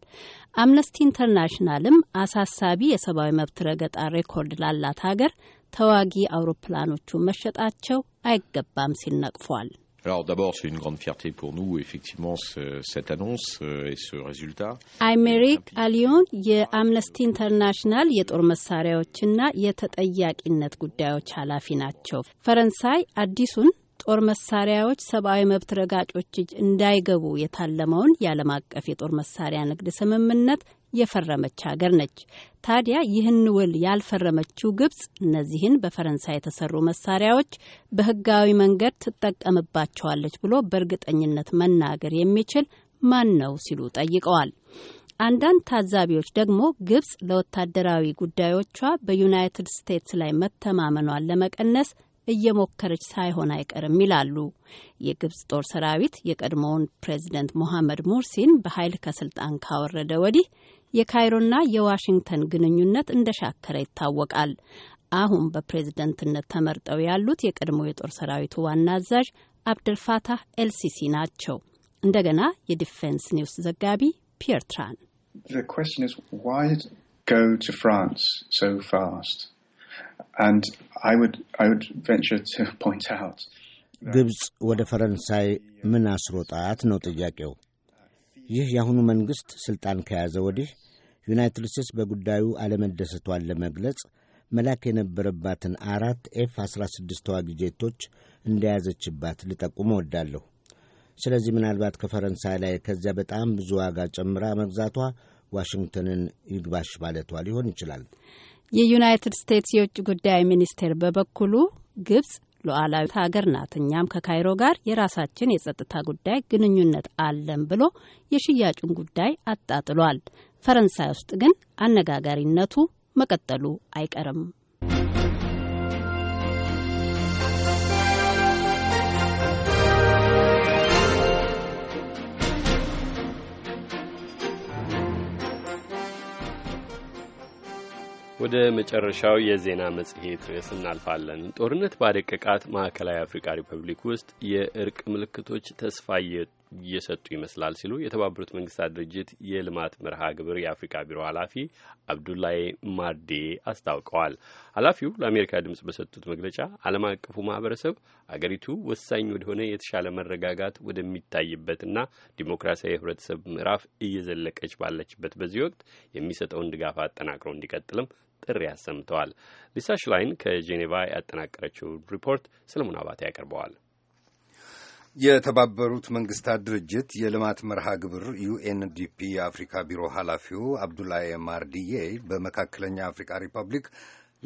Speaker 7: አምነስቲ ኢንተርናሽናልም አሳሳቢ የሰብአዊ መብት ረገጣ ሬኮርድ ላላት ሀገር ተዋጊ አውሮፕላኖቹ መሸጣቸው አይገባም ሲል ነቅፏል።
Speaker 8: Alors d'abord, c'est une grande fierté pour nous, effectivement, ce, cette annonce euh, et ce résultat.
Speaker 7: አሜሪክ አሊዮን የአምነስቲ ኢንተርናሽናል የጦር መሳሪያዎችና የተጠያቂነት ጉዳዮች ኃላፊ ናቸው። ፈረንሳይ አዲሱን ጦር መሳሪያዎች ሰብአዊ መብት ረጋጮች እጅ እንዳይገቡ የታለመውን የዓለም አቀፍ የጦር መሳሪያ ንግድ ስምምነት የፈረመች ሀገር ነች። ታዲያ ይህን ውል ያልፈረመችው ግብጽ እነዚህን በፈረንሳይ የተሰሩ መሳሪያዎች በህጋዊ መንገድ ትጠቀምባቸዋለች ብሎ በእርግጠኝነት መናገር የሚችል ማን ነው ሲሉ ጠይቀዋል። አንዳንድ ታዛቢዎች ደግሞ ግብጽ ለወታደራዊ ጉዳዮቿ በዩናይትድ ስቴትስ ላይ መተማመኗን ለመቀነስ እየሞከረች ሳይሆን አይቀርም ይላሉ። የግብጽ ጦር ሰራዊት የቀድሞውን ፕሬዚደንት ሞሐመድ ሙርሲን በኃይል ከስልጣን ካወረደ ወዲህ የካይሮና የዋሽንግተን ግንኙነት እንደሻከረ ይታወቃል። አሁን በፕሬዝደንትነት ተመርጠው ያሉት የቀድሞ የጦር ሰራዊቱ ዋና አዛዥ አብደልፋታህ ኤልሲሲ ናቸው። እንደገና የዲፌንስ ኒውስ ዘጋቢ ፒየርትራን
Speaker 6: ግብፅ ወደ ፈረንሳይ ምን አስሮጣት ነው ጥያቄው። ይህ የአሁኑ መንግሥት ሥልጣን ከያዘ ወዲህ ዩናይትድ ስቴትስ በጉዳዩ አለመደሰቷን ለመግለጽ መላክ የነበረባትን አራት ኤፍ 16 ተዋጊ ጄቶች እንደያዘችባት ልጠቁም እወዳለሁ። ስለዚህ ምናልባት ከፈረንሳይ ላይ ከዚያ በጣም ብዙ ዋጋ ጨምራ መግዛቷ ዋሽንግተንን ይግባሽ ማለቷ ሊሆን ይችላል።
Speaker 7: የዩናይትድ ስቴትስ የውጭ ጉዳይ ሚኒስቴር በበኩሉ ግብጽ ሉዓላዊት ሀገር ናት፣ እኛም ከካይሮ ጋር የራሳችን የጸጥታ ጉዳይ ግንኙነት አለን ብሎ የሽያጩን ጉዳይ አጣጥሏል። ፈረንሳይ ውስጥ ግን አነጋጋሪነቱ መቀጠሉ አይቀርም።
Speaker 4: ወደ መጨረሻው የዜና መጽሔት ርዕስ እናልፋለን። ጦርነት ባደቀቃት ማዕከላዊ አፍሪካ ሪፐብሊክ ውስጥ የእርቅ ምልክቶች ተስፋ እየሰጡ ይመስላል ሲሉ የተባበሩት መንግስታት ድርጅት የልማት መርሃ ግብር የአፍሪካ ቢሮ ኃላፊ አብዱላይ ማርዴ አስታውቀዋል። ኃላፊው ለአሜሪካ ድምጽ በሰጡት መግለጫ ዓለም አቀፉ ማህበረሰብ አገሪቱ ወሳኝ ወደሆነ የተሻለ መረጋጋት ወደሚታይበትና ዲሞክራሲያዊ ህብረተሰብ ምዕራፍ እየዘለቀች ባለችበት በዚህ ወቅት የሚሰጠውን ድጋፍ አጠናክሮ እንዲቀጥልም ጥሪ አሰምተዋል። ሊሳ ሽላይን ከጄኔቫ ያጠናቀረችው ሪፖርት ሰለሞን አባቴ ያቀርበዋል።
Speaker 10: የተባበሩት መንግስታት ድርጅት የልማት መርሃ ግብር ዩኤንዲፒ የአፍሪካ ቢሮ ኃላፊው አብዱላይ ማርዲዬ በመካከለኛ አፍሪካ ሪፐብሊክ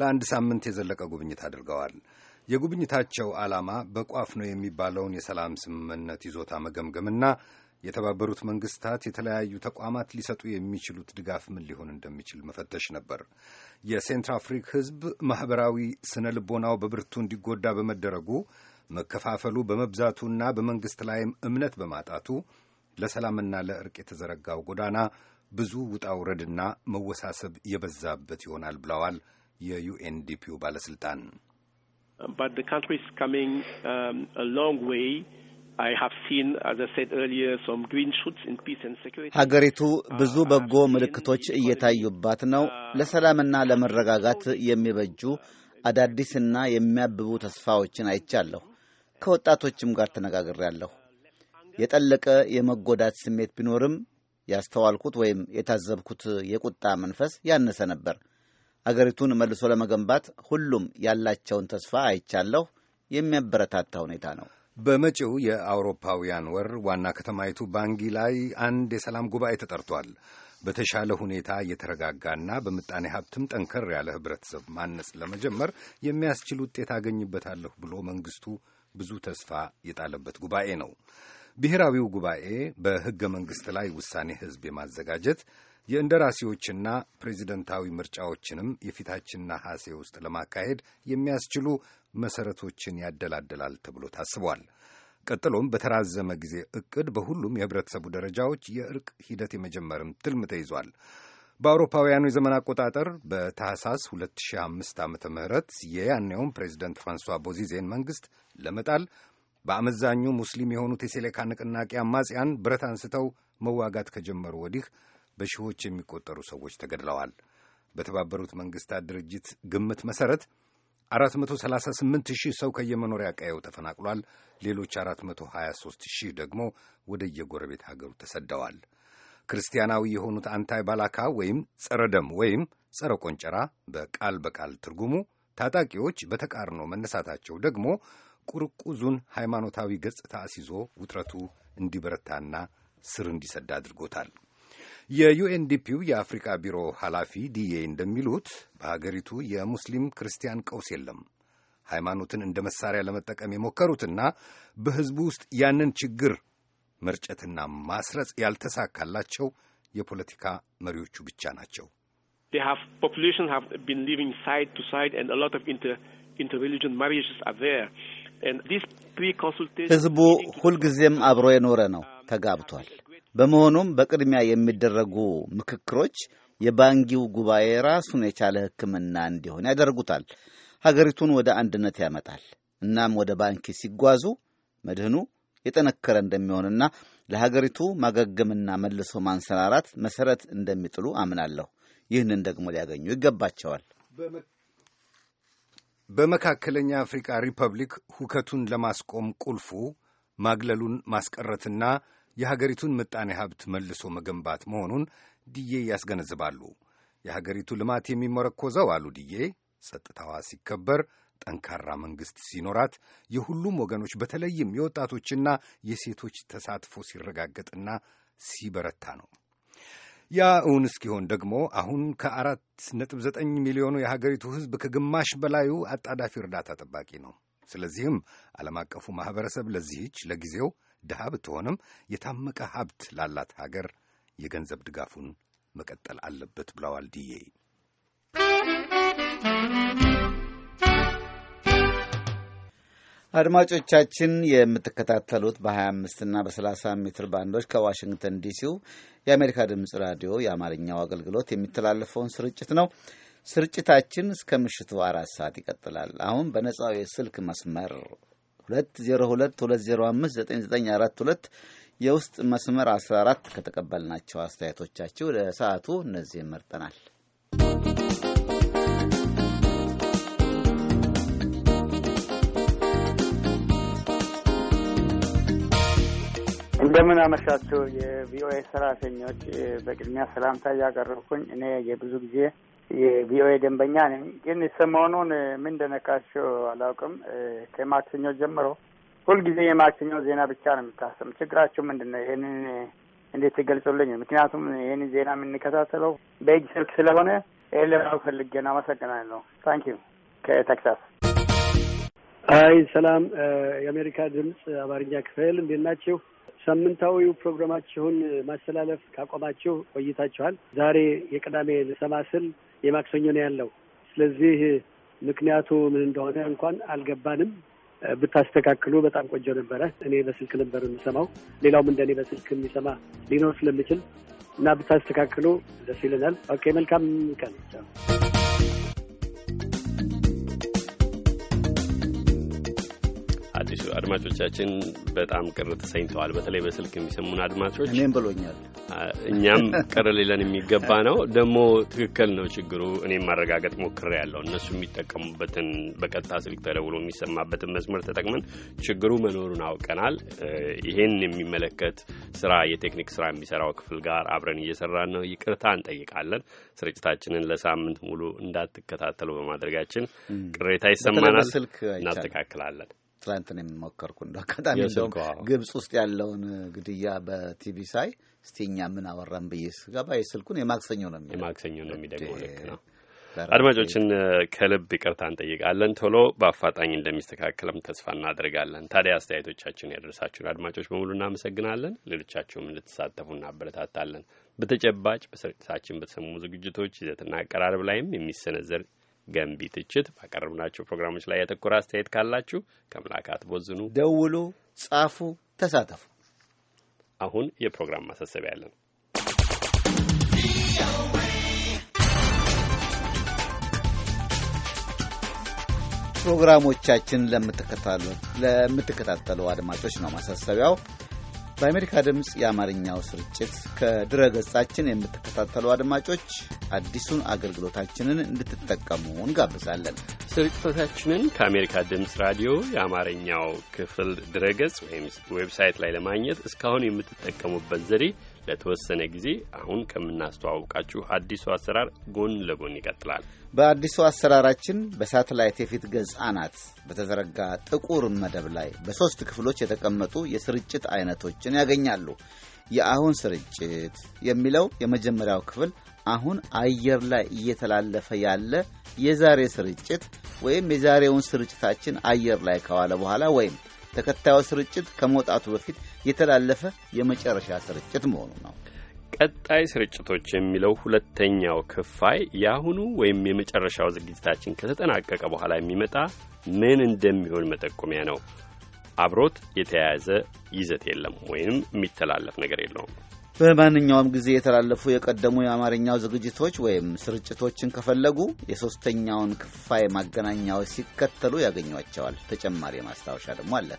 Speaker 10: ለአንድ ሳምንት የዘለቀ ጉብኝት አድርገዋል። የጉብኝታቸው ዓላማ በቋፍ ነው የሚባለውን የሰላም ስምምነት ይዞታ መገምገምና የተባበሩት መንግስታት የተለያዩ ተቋማት ሊሰጡ የሚችሉት ድጋፍ ምን ሊሆን እንደሚችል መፈተሽ ነበር። የሴንትር አፍሪክ ህዝብ ማኅበራዊ ስነ ልቦናው በብርቱ እንዲጎዳ በመደረጉ መከፋፈሉ በመብዛቱና በመንግሥት ላይም እምነት በማጣቱ ለሰላምና ለእርቅ የተዘረጋው ጎዳና ብዙ ውጣ ውረድና መወሳሰብ የበዛበት ይሆናል ብለዋል የዩኤንዲፒው ባለሥልጣን።
Speaker 3: um, ሀገሪቱ ብዙ uh,
Speaker 2: በጎ ምልክቶች እየታዩባት ነው። uh, ለሰላምና ለመረጋጋት የሚበጁ አዳዲስና የሚያብቡ ተስፋዎችን አይቻለሁ። ከወጣቶችም ጋር ተነጋግሬያለሁ። የጠለቀ የመጎዳት ስሜት ቢኖርም ያስተዋልኩት ወይም የታዘብኩት የቁጣ መንፈስ ያነሰ ነበር። አገሪቱን መልሶ ለመገንባት ሁሉም ያላቸውን ተስፋ
Speaker 10: አይቻለሁ። የሚያበረታታ ሁኔታ ነው። በመጪው የአውሮፓውያን ወር ዋና ከተማይቱ ባንጊ ላይ አንድ የሰላም ጉባኤ ተጠርቷል። በተሻለ ሁኔታ የተረጋጋና በምጣኔ ሀብትም ጠንከር ያለ ህብረተሰብ ማነጽ ለመጀመር የሚያስችል ውጤት አገኝበታለሁ ብሎ መንግስቱ ብዙ ተስፋ የጣለበት ጉባኤ ነው። ብሔራዊው ጉባኤ በሕገ መንግሥት ላይ ውሳኔ ሕዝብ የማዘጋጀት የእንደራሴዎችና ፕሬዚደንታዊ ምርጫዎችንም የፊታችን ነሐሴ ውስጥ ለማካሄድ የሚያስችሉ መሠረቶችን ያደላድላል ተብሎ ታስቧል። ቀጥሎም በተራዘመ ጊዜ ዕቅድ በሁሉም የህብረተሰቡ ደረጃዎች የእርቅ ሂደት የመጀመርም ትልም ተይዟል። በአውሮፓውያኑ የዘመን አቆጣጠር በታህሳስ 2005 ዓ ም የያኔውን ፕሬዚደንት ፍራንሷ ቦዚዜን መንግሥት ለመጣል በአመዛኙ ሙስሊም የሆኑት የሴሌካ ንቅናቄ አማጽያን ብረት አንስተው መዋጋት ከጀመሩ ወዲህ በሺዎች የሚቆጠሩ ሰዎች ተገድለዋል። በተባበሩት መንግሥታት ድርጅት ግምት መሠረት 438 ሺህ ሰው ከየመኖሪያ ቀየው ተፈናቅሏል። ሌሎች 423 ሺህ ደግሞ ወደ የጎረቤት ሀገሩ ተሰደዋል። ክርስቲያናዊ የሆኑት አንታይ ባላካ ወይም ጸረ ደም ወይም ጸረ ቆንጨራ በቃል በቃል ትርጉሙ ታጣቂዎች በተቃርኖ መነሳታቸው ደግሞ ቁርቁዙን ሃይማኖታዊ ገጽታ አስይዞ ውጥረቱ እንዲበረታና ስር እንዲሰዳ አድርጎታል። የዩኤንዲፒው የአፍሪካ ቢሮ ኃላፊ ዲዬ እንደሚሉት በሀገሪቱ የሙስሊም ክርስቲያን ቀውስ የለም። ሃይማኖትን እንደ መሳሪያ ለመጠቀም የሞከሩትና በሕዝቡ ውስጥ ያንን ችግር መርጨትና ማስረጽ ያልተሳካላቸው የፖለቲካ መሪዎቹ ብቻ ናቸው።
Speaker 3: ህዝቡ
Speaker 2: ሁልጊዜም አብሮ የኖረ ነው፣ ተጋብቷል። በመሆኑም በቅድሚያ የሚደረጉ ምክክሮች የባንጊው ጉባኤ ራሱን የቻለ ሕክምና እንዲሆን ያደርጉታል። ሀገሪቱን ወደ አንድነት ያመጣል። እናም ወደ ባንኪ ሲጓዙ መድህኑ የጠነከረ እንደሚሆንና ለሀገሪቱ ማገገምና መልሶ ማንሰራራት መሰረት እንደሚጥሉ አምናለሁ።
Speaker 10: ይህንን ደግሞ ሊያገኙ ይገባቸዋል። በመካከለኛ አፍሪካ ሪፐብሊክ ሁከቱን ለማስቆም ቁልፉ ማግለሉን ማስቀረትና የሀገሪቱን ምጣኔ ሀብት መልሶ መገንባት መሆኑን ድዬ ያስገነዝባሉ። የሀገሪቱ ልማት የሚመረኮዘው አሉ ድዬ ጸጥታዋ ሲከበር ጠንካራ መንግሥት ሲኖራት የሁሉም ወገኖች በተለይም የወጣቶችና የሴቶች ተሳትፎ ሲረጋገጥና ሲበረታ ነው። ያ እውን እስኪሆን ደግሞ አሁን ከአራት ነጥብ ዘጠኝ ሚሊዮኑ የሀገሪቱ ሕዝብ ከግማሽ በላዩ አጣዳፊ እርዳታ ጠባቂ ነው። ስለዚህም ዓለም አቀፉ ማኅበረሰብ ለዚህች ለጊዜው ድሃ ብትሆንም የታመቀ ሀብት ላላት ሀገር የገንዘብ ድጋፉን መቀጠል አለበት ብለዋል ዲዬ
Speaker 2: አድማጮቻችን የምትከታተሉት በ25 እና በ30 ሜትር ባንዶች ከዋሽንግተን ዲሲው የአሜሪካ ድምፅ ራዲዮ የአማርኛው አገልግሎት የሚተላለፈውን ስርጭት ነው። ስርጭታችን እስከ ምሽቱ አራት ሰዓት ይቀጥላል። አሁን በነጻው የስልክ መስመር 2022059942 የውስጥ መስመር 14 ከተቀበልናቸው አስተያየቶቻችሁ ለሰዓቱ እነዚህ መርጠናል።
Speaker 11: እንደምን
Speaker 12: አመሻችሁ የቪኦኤ ሰራተኞች፣ በቅድሚያ ሰላምታ እያቀረብኩኝ እኔ የብዙ ጊዜ የቪኦኤ ደንበኛ ነኝ። ግን ሰሞኑን ምን እንደነካቸው አላውቅም። ከማክሰኞ ጀምሮ ሁልጊዜ የማክሰኞ ዜና ብቻ ነው የምታሰሙ። ችግራችሁ ምንድን ነው? ይህንን እንዴት ትገልጹልኝ? ምክንያቱም ይህን ዜና የምንከታተለው በእጅ ስልክ ስለሆነ ለማው ፈልጌን። አመሰግናለሁ። ታንክ ዩ ከተክሳስ።
Speaker 11: አይ ሰላም፣ የአሜሪካ ድምፅ አማርኛ ክፍል እንዴት ናችሁ? ሳምንታዊው ፕሮግራማችሁን ማስተላለፍ ካቆማችሁ ቆይታችኋል። ዛሬ የቅዳሜ ስል የማክሰኞ ነው ያለው። ስለዚህ ምክንያቱ ምን እንደሆነ እንኳን አልገባንም። ብታስተካክሉ በጣም ቆንጆ ነበረ። እኔ በስልክ ነበር የምሰማው። ሌላውም እንደኔ በስልክ የሚሰማ ሊኖር ስለምችል እና ብታስተካክሉ ደስ ይለናል። ኦኬ፣ መልካም ቀን።
Speaker 4: አድማጮቻችን በጣም ቅር ተሰኝተዋል። በተለይ በስልክ የሚሰሙን አድማጮች እኔም ብሎኛል። እኛም ቅር ሌለን የሚገባ ነው። ደግሞ ትክክል ነው ችግሩ። እኔም ማረጋገጥ ሞክሬ ያለው እነሱ የሚጠቀሙበትን በቀጥታ ስልክ ተደውሎ የሚሰማበትን መስመር ተጠቅመን ችግሩ መኖሩን አውቀናል። ይሄን የሚመለከት ስራ የቴክኒክ ስራ የሚሰራው ክፍል ጋር አብረን እየሰራን ነው። ይቅርታ እንጠይቃለን። ስርጭታችንን ለሳምንት ሙሉ እንዳትከታተሉ በማድረጋችን ቅሬታ ይሰማናል። እናስተካክላለን።
Speaker 2: ትላንት ነው የምንሞከርኩ እንደ አጋጣሚ እንደውም ግብጽ ውስጥ ያለውን ግድያ በቲቪ ሳይ እስቲ እኛ ምን አወራን ብዬ ስገባ የስልኩን የማክሰኞ ነው የሚለው የማክሰኞ ነው
Speaker 4: የሚደግመው። ልክ ነው። አድማጮችን ከልብ ይቅርታ እንጠይቃለን። ቶሎ በአፋጣኝ እንደሚስተካከልም ተስፋ እናደርጋለን። ታዲያ አስተያየቶቻችን ያደረሳችሁን አድማጮች በሙሉ እናመሰግናለን። ሌሎቻችሁም እንድትሳተፉ እናበረታታለን። በተጨባጭ በስርጭታችን በተሰሙ ዝግጅቶች ይዘትና አቀራረብ ላይም የሚሰነዘር ገንቢ ትችት ባቀረብናቸው ፕሮግራሞች ላይ ያተኮረ አስተያየት ካላችሁ ከምላካት ቦዝኑ ደውሉ፣ ጻፉ፣ ተሳተፉ። አሁን የፕሮግራም ማሳሰቢያ ያለን ፕሮግራሞቻችን
Speaker 2: ለምትከታተሉ አድማጮች ነው ማሳሰቢያው። በአሜሪካ ድምፅ የአማርኛው ስርጭት ከድረ ገጻችን የምትከታተሉ አድማጮች አዲሱን አገልግሎታችንን እንድትጠቀሙ እንጋብዛለን።
Speaker 4: ስርጭቶታችንን ከአሜሪካ ድምፅ ራዲዮ የአማርኛው ክፍል ድረ ገጽ ወይም ዌብሳይት ላይ ለማግኘት እስካሁን የምትጠቀሙበት ዘዴ ለተወሰነ ጊዜ አሁን ከምናስተዋውቃችሁ አዲሱ አሰራር ጎን ለጎን ይቀጥላል።
Speaker 2: በአዲሱ አሰራራችን በሳተላይት የፊት ገጽ አናት በተዘረጋ ጥቁር መደብ ላይ በሦስት ክፍሎች የተቀመጡ የስርጭት አይነቶችን ያገኛሉ። የአሁን ስርጭት የሚለው የመጀመሪያው ክፍል አሁን አየር ላይ እየተላለፈ ያለ የዛሬ ስርጭት ወይም የዛሬውን ስርጭታችን አየር ላይ ከዋለ በኋላ ወይም ተከታዩ ስርጭት ከመውጣቱ በፊት የተላለፈ የመጨረሻ ስርጭት መሆኑ ነው።
Speaker 4: ቀጣይ ስርጭቶች የሚለው ሁለተኛው ክፋይ የአሁኑ ወይም የመጨረሻው ዝግጅታችን ከተጠናቀቀ በኋላ የሚመጣ ምን እንደሚሆን መጠቆሚያ ነው። አብሮት የተያያዘ ይዘት የለም ወይም የሚተላለፍ ነገር የለውም።
Speaker 2: በማንኛውም ጊዜ የተላለፉ የቀደሙ የአማርኛው ዝግጅቶች ወይም ስርጭቶችን ከፈለጉ የሶስተኛውን ክፋይ ማገናኛዎች ሲከተሉ ያገኟቸዋል። ተጨማሪ ማስታወሻ ደግሞ አለ።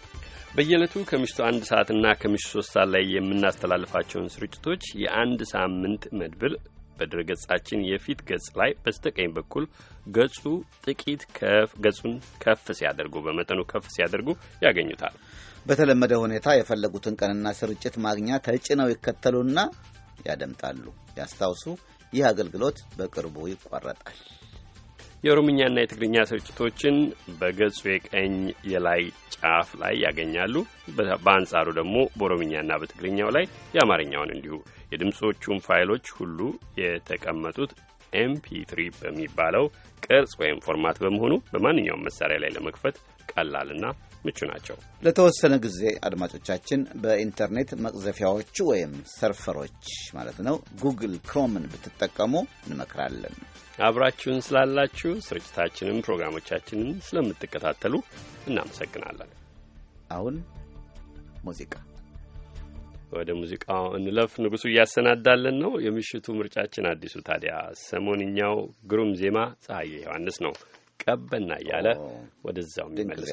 Speaker 4: በየዕለቱ ከምሽቱ አንድ ሰዓትና ከምሽቱ ሶስት ሰዓት ላይ የምናስተላልፋቸውን ስርጭቶች የአንድ ሳምንት መድብል በድረገጻችን የፊት ገጽ ላይ በስተቀኝ በኩል ገጹ ጥቂት ገጹን ከፍ ሲያደርጉ በመጠኑ ከፍ ሲያደርጉ ያገኙታል።
Speaker 2: በተለመደ ሁኔታ የፈለጉትን ቀንና ስርጭት ማግኛ ተጭነው ይከተሉና ያደምጣሉ። ያስታውሱ፣ ይህ አገልግሎት በቅርቡ ይቋረጣል።
Speaker 4: የኦሮምኛና የትግርኛ ስርጭቶችን በገጹ የቀኝ የላይ ጫፍ ላይ ያገኛሉ። በአንጻሩ ደግሞ በኦሮምኛና በትግርኛው ላይ የአማርኛውን እንዲሁ። የድምፆቹን ፋይሎች ሁሉ የተቀመጡት ኤምፒ ትሪ በሚባለው ቅርጽ ወይም ፎርማት በመሆኑ በማንኛውም መሳሪያ ላይ ለመክፈት ቀላልና ምቹ ናቸው።
Speaker 2: ለተወሰነ ጊዜ አድማጮቻችን በኢንተርኔት መቅዘፊያዎቹ ወይም ሰርፈሮች ማለት ነው ጉግል ክሮምን ብትጠቀሙ እንመክራለን።
Speaker 4: አብራችሁን ስላላችሁ ስርጭታችንም ፕሮግራሞቻችንን ስለምትከታተሉ እናመሰግናለን። አሁን ሙዚቃ ወደ ሙዚቃው እንለፍ። ንጉሱ እያሰናዳለን ነው። የምሽቱ ምርጫችን አዲሱ ታዲያ ሰሞንኛው ግሩም ዜማ ፀሐዬ ዮሐንስ ነው። ቀበና እያለ ወደዛው የሚመልሰ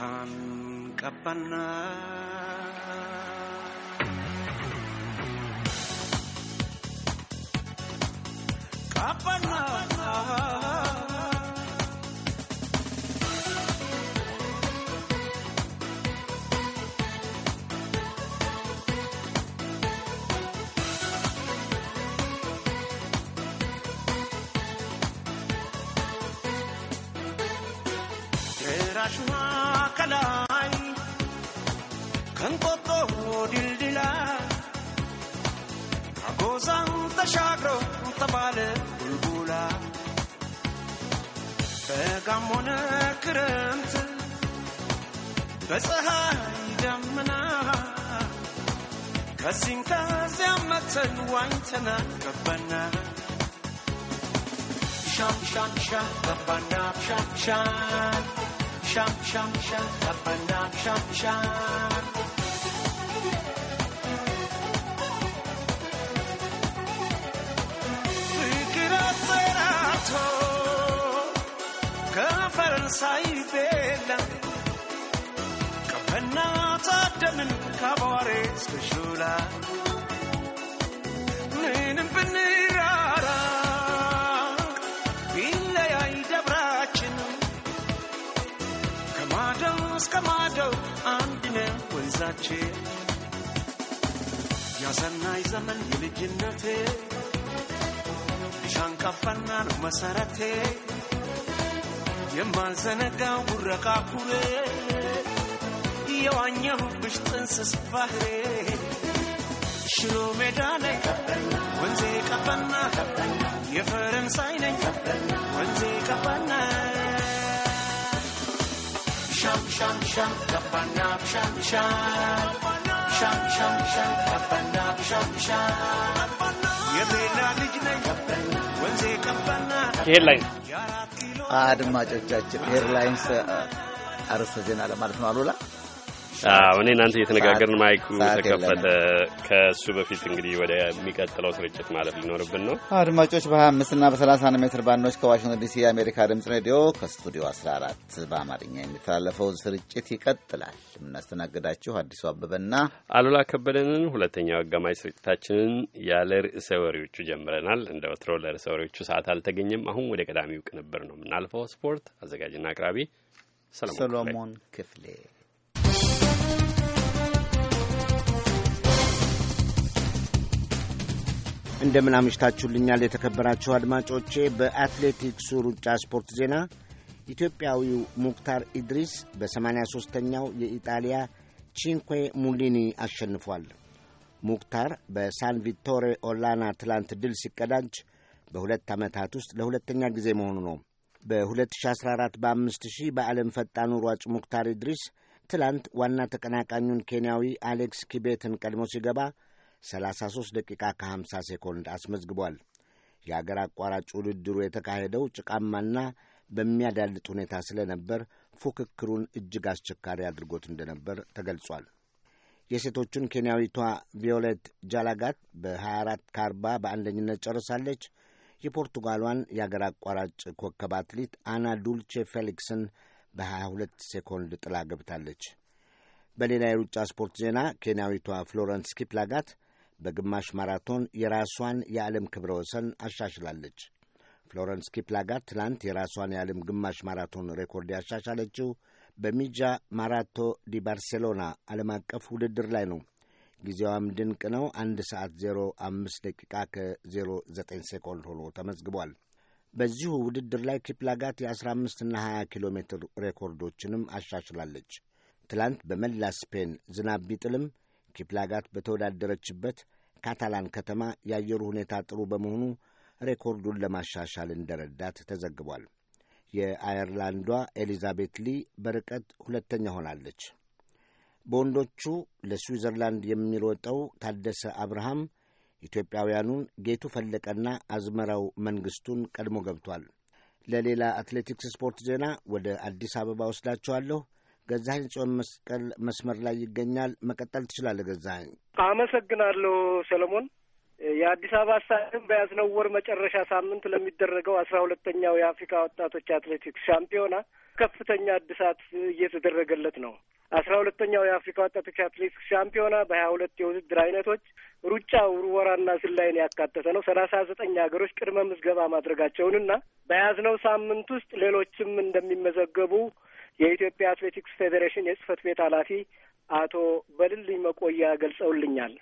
Speaker 1: harkaan በፀሐይ ደመና ከሲንታ ዚያመተን ዋኝተና ገባና ሻምሻምሻ ገባና ሻምሻ ሻምሻምሻ ገባና ሻምሻ ፍቅር አፈራቶ ከፈረንሳይ ደምን ካቧሬ እስከ ሾላ ምንም ብንራራ ቢለያይ ደብራችን ከማደው እስከ ማደው አንድነ ወንዛችን ያሰናይ ዘመን የልጅነቴ ሻንቀፋና ነው መሰረቴ የማልዘነጋው
Speaker 3: ጉረቃኩሬ
Speaker 1: የዋኘሁብሽ ጥንስስ ባህሬ ሽሮ ሜዳ ነኝ ወንዜ ቀበና የፈረንሳይ ነኝ ወንዜ ቀበና sham sham sham kapana sham sham sham sham sham kapana sham sham ልጅ ነኝ ወንዜ ቀበና
Speaker 2: ሄድላይንስ አድማጮቻችን ሄድላይንስ
Speaker 4: አርዕስተ ዜና ለማለት ነው አሉላ እኔ እናንተ እየተነጋገርን ማይኩ ተከፈተ። ከእሱ በፊት እንግዲህ ወደሚቀጥለው ስርጭት ማለት ሊኖርብን ነው።
Speaker 2: አድማጮች በ25 በሰላሳ ሜትር ባንዶች ከዋሽንግተን ዲሲ የአሜሪካ ድምፅ ሬዲዮ ከስቱዲዮ
Speaker 4: አራት በአማርኛ
Speaker 2: የሚተላለፈው ስርጭት ይቀጥላል። የምናስተናግዳችሁ አዲሱ አበበና
Speaker 4: አሉላ ከበደንን። ሁለተኛው አጋማሽ ስርጭታችንን ያለ ርዕሰ ወሬዎቹ ጀምረናል። እንደ ወትሮ ለርዕሰ ወሬዎቹ ሰዓት አልተገኘም። አሁን ወደ ቀዳሚው ቅንብር ነው የምናልፈው። ስፖርት አዘጋጅና አቅራቢ ሰሎሞን ክፍሌ
Speaker 6: እንደምን አምሽታችሁልኛል የተከበራችሁ አድማጮቼ። በአትሌቲክሱ ሩጫ ስፖርት ዜና ኢትዮጵያዊው ሙክታር ኢድሪስ በ83ኛው የኢጣሊያ ቺንኩዌ ሙሊኒ አሸንፏል። ሙክታር በሳን ቪቶሬ ኦላና ትላንት ድል ሲቀዳጅ በሁለት ዓመታት ውስጥ ለሁለተኛ ጊዜ መሆኑ ነው። በ2014 በ5000 በዓለም ፈጣኑ ሯጭ ሙክታር ኢድሪስ ትላንት ዋና ተቀናቃኙን ኬንያዊ አሌክስ ኪቤትን ቀድሞ ሲገባ 33 ደቂቃ ከ50 ሴኮንድ አስመዝግቧል። የአገር አቋራጭ ውድድሩ የተካሄደው ጭቃማና በሚያዳልጥ ሁኔታ ስለነበር ፉክክሩን እጅግ አስቸካሪ አድርጎት እንደነበር ተገልጿል። የሴቶቹን ኬንያዊቷ ቪዮሌት ጃላጋት በ24 ከአርባ በአንደኝነት ጨርሳለች። የፖርቱጋሏን የአገር አቋራጭ ኮከብ አትሌት አና ዱልቼ ፌሊክስን በ22 ሴኮንድ ጥላ ገብታለች። በሌላ የሩጫ ስፖርት ዜና ኬንያዊቷ ፍሎረንስ ኪፕላጋት በግማሽ ማራቶን የራሷን የዓለም ክብረ ወሰን አሻሽላለች። ፍሎረንስ ኪፕላጋት ትናንት የራሷን የዓለም ግማሽ ማራቶን ሬኮርድ ያሻሻለችው በሚጃ ማራቶ ዲ ባርሴሎና ዓለም አቀፍ ውድድር ላይ ነው። ጊዜዋም ድንቅ ነው። 1 ሰዓት 05 ደቂቃ ከ09 ሴኮንድ ሆኖ ተመዝግቧል። በዚሁ ውድድር ላይ ኪፕላጋት የ15ና 20 ኪሎ ሜትር ሬኮርዶችንም አሻሽላለች። ትላንት በመላ ስፔን ዝናብ ቢጥልም ኪፕላጋት በተወዳደረችበት ካታላን ከተማ የአየሩ ሁኔታ ጥሩ በመሆኑ ሬኮርዱን ለማሻሻል እንደረዳት ተዘግቧል። የአየርላንዷ ኤሊዛቤት ሊ በርቀት ሁለተኛ ሆናለች። በወንዶቹ ለስዊዘርላንድ የሚሮጠው ታደሰ አብርሃም ኢትዮጵያውያኑን ጌቱ ፈለቀና አዝመራው መንግስቱን ቀድሞ ገብቷል። ለሌላ አትሌቲክስ ስፖርት ዜና ወደ አዲስ አበባ ወስዳችኋለሁ። ገዛኸኝ ጽዮን መስቀል መስመር ላይ ይገኛል። መቀጠል ትችላለህ ገዛኸኝ።
Speaker 11: አመሰግናለሁ ሰለሞን። የአዲስ አበባ ስታዲየም በያዝነው ወር መጨረሻ ሳምንት ለሚደረገው አስራ ሁለተኛው የአፍሪካ ወጣቶች አትሌቲክስ ሻምፒዮና ከፍተኛ እድሳት እየተደረገለት ነው። አስራ ሁለተኛው የአፍሪካ ወጣቶች አትሌቲክስ ሻምፒዮና በሀያ ሁለት የውድድር አይነቶች ሩጫ፣ ውርወራና ዝላይን ያካተተ ነው። ሰላሳ ዘጠኝ ሀገሮች ቅድመ ምዝገባ ማድረጋቸውንና በያዝነው ሳምንት ውስጥ ሌሎችም እንደሚመዘገቡ የኢትዮጵያ አትሌቲክስ ፌዴሬሽን የጽህፈት ቤት ኃላፊ አቶ በልልኝ መቆያ ገልጸውልኛል።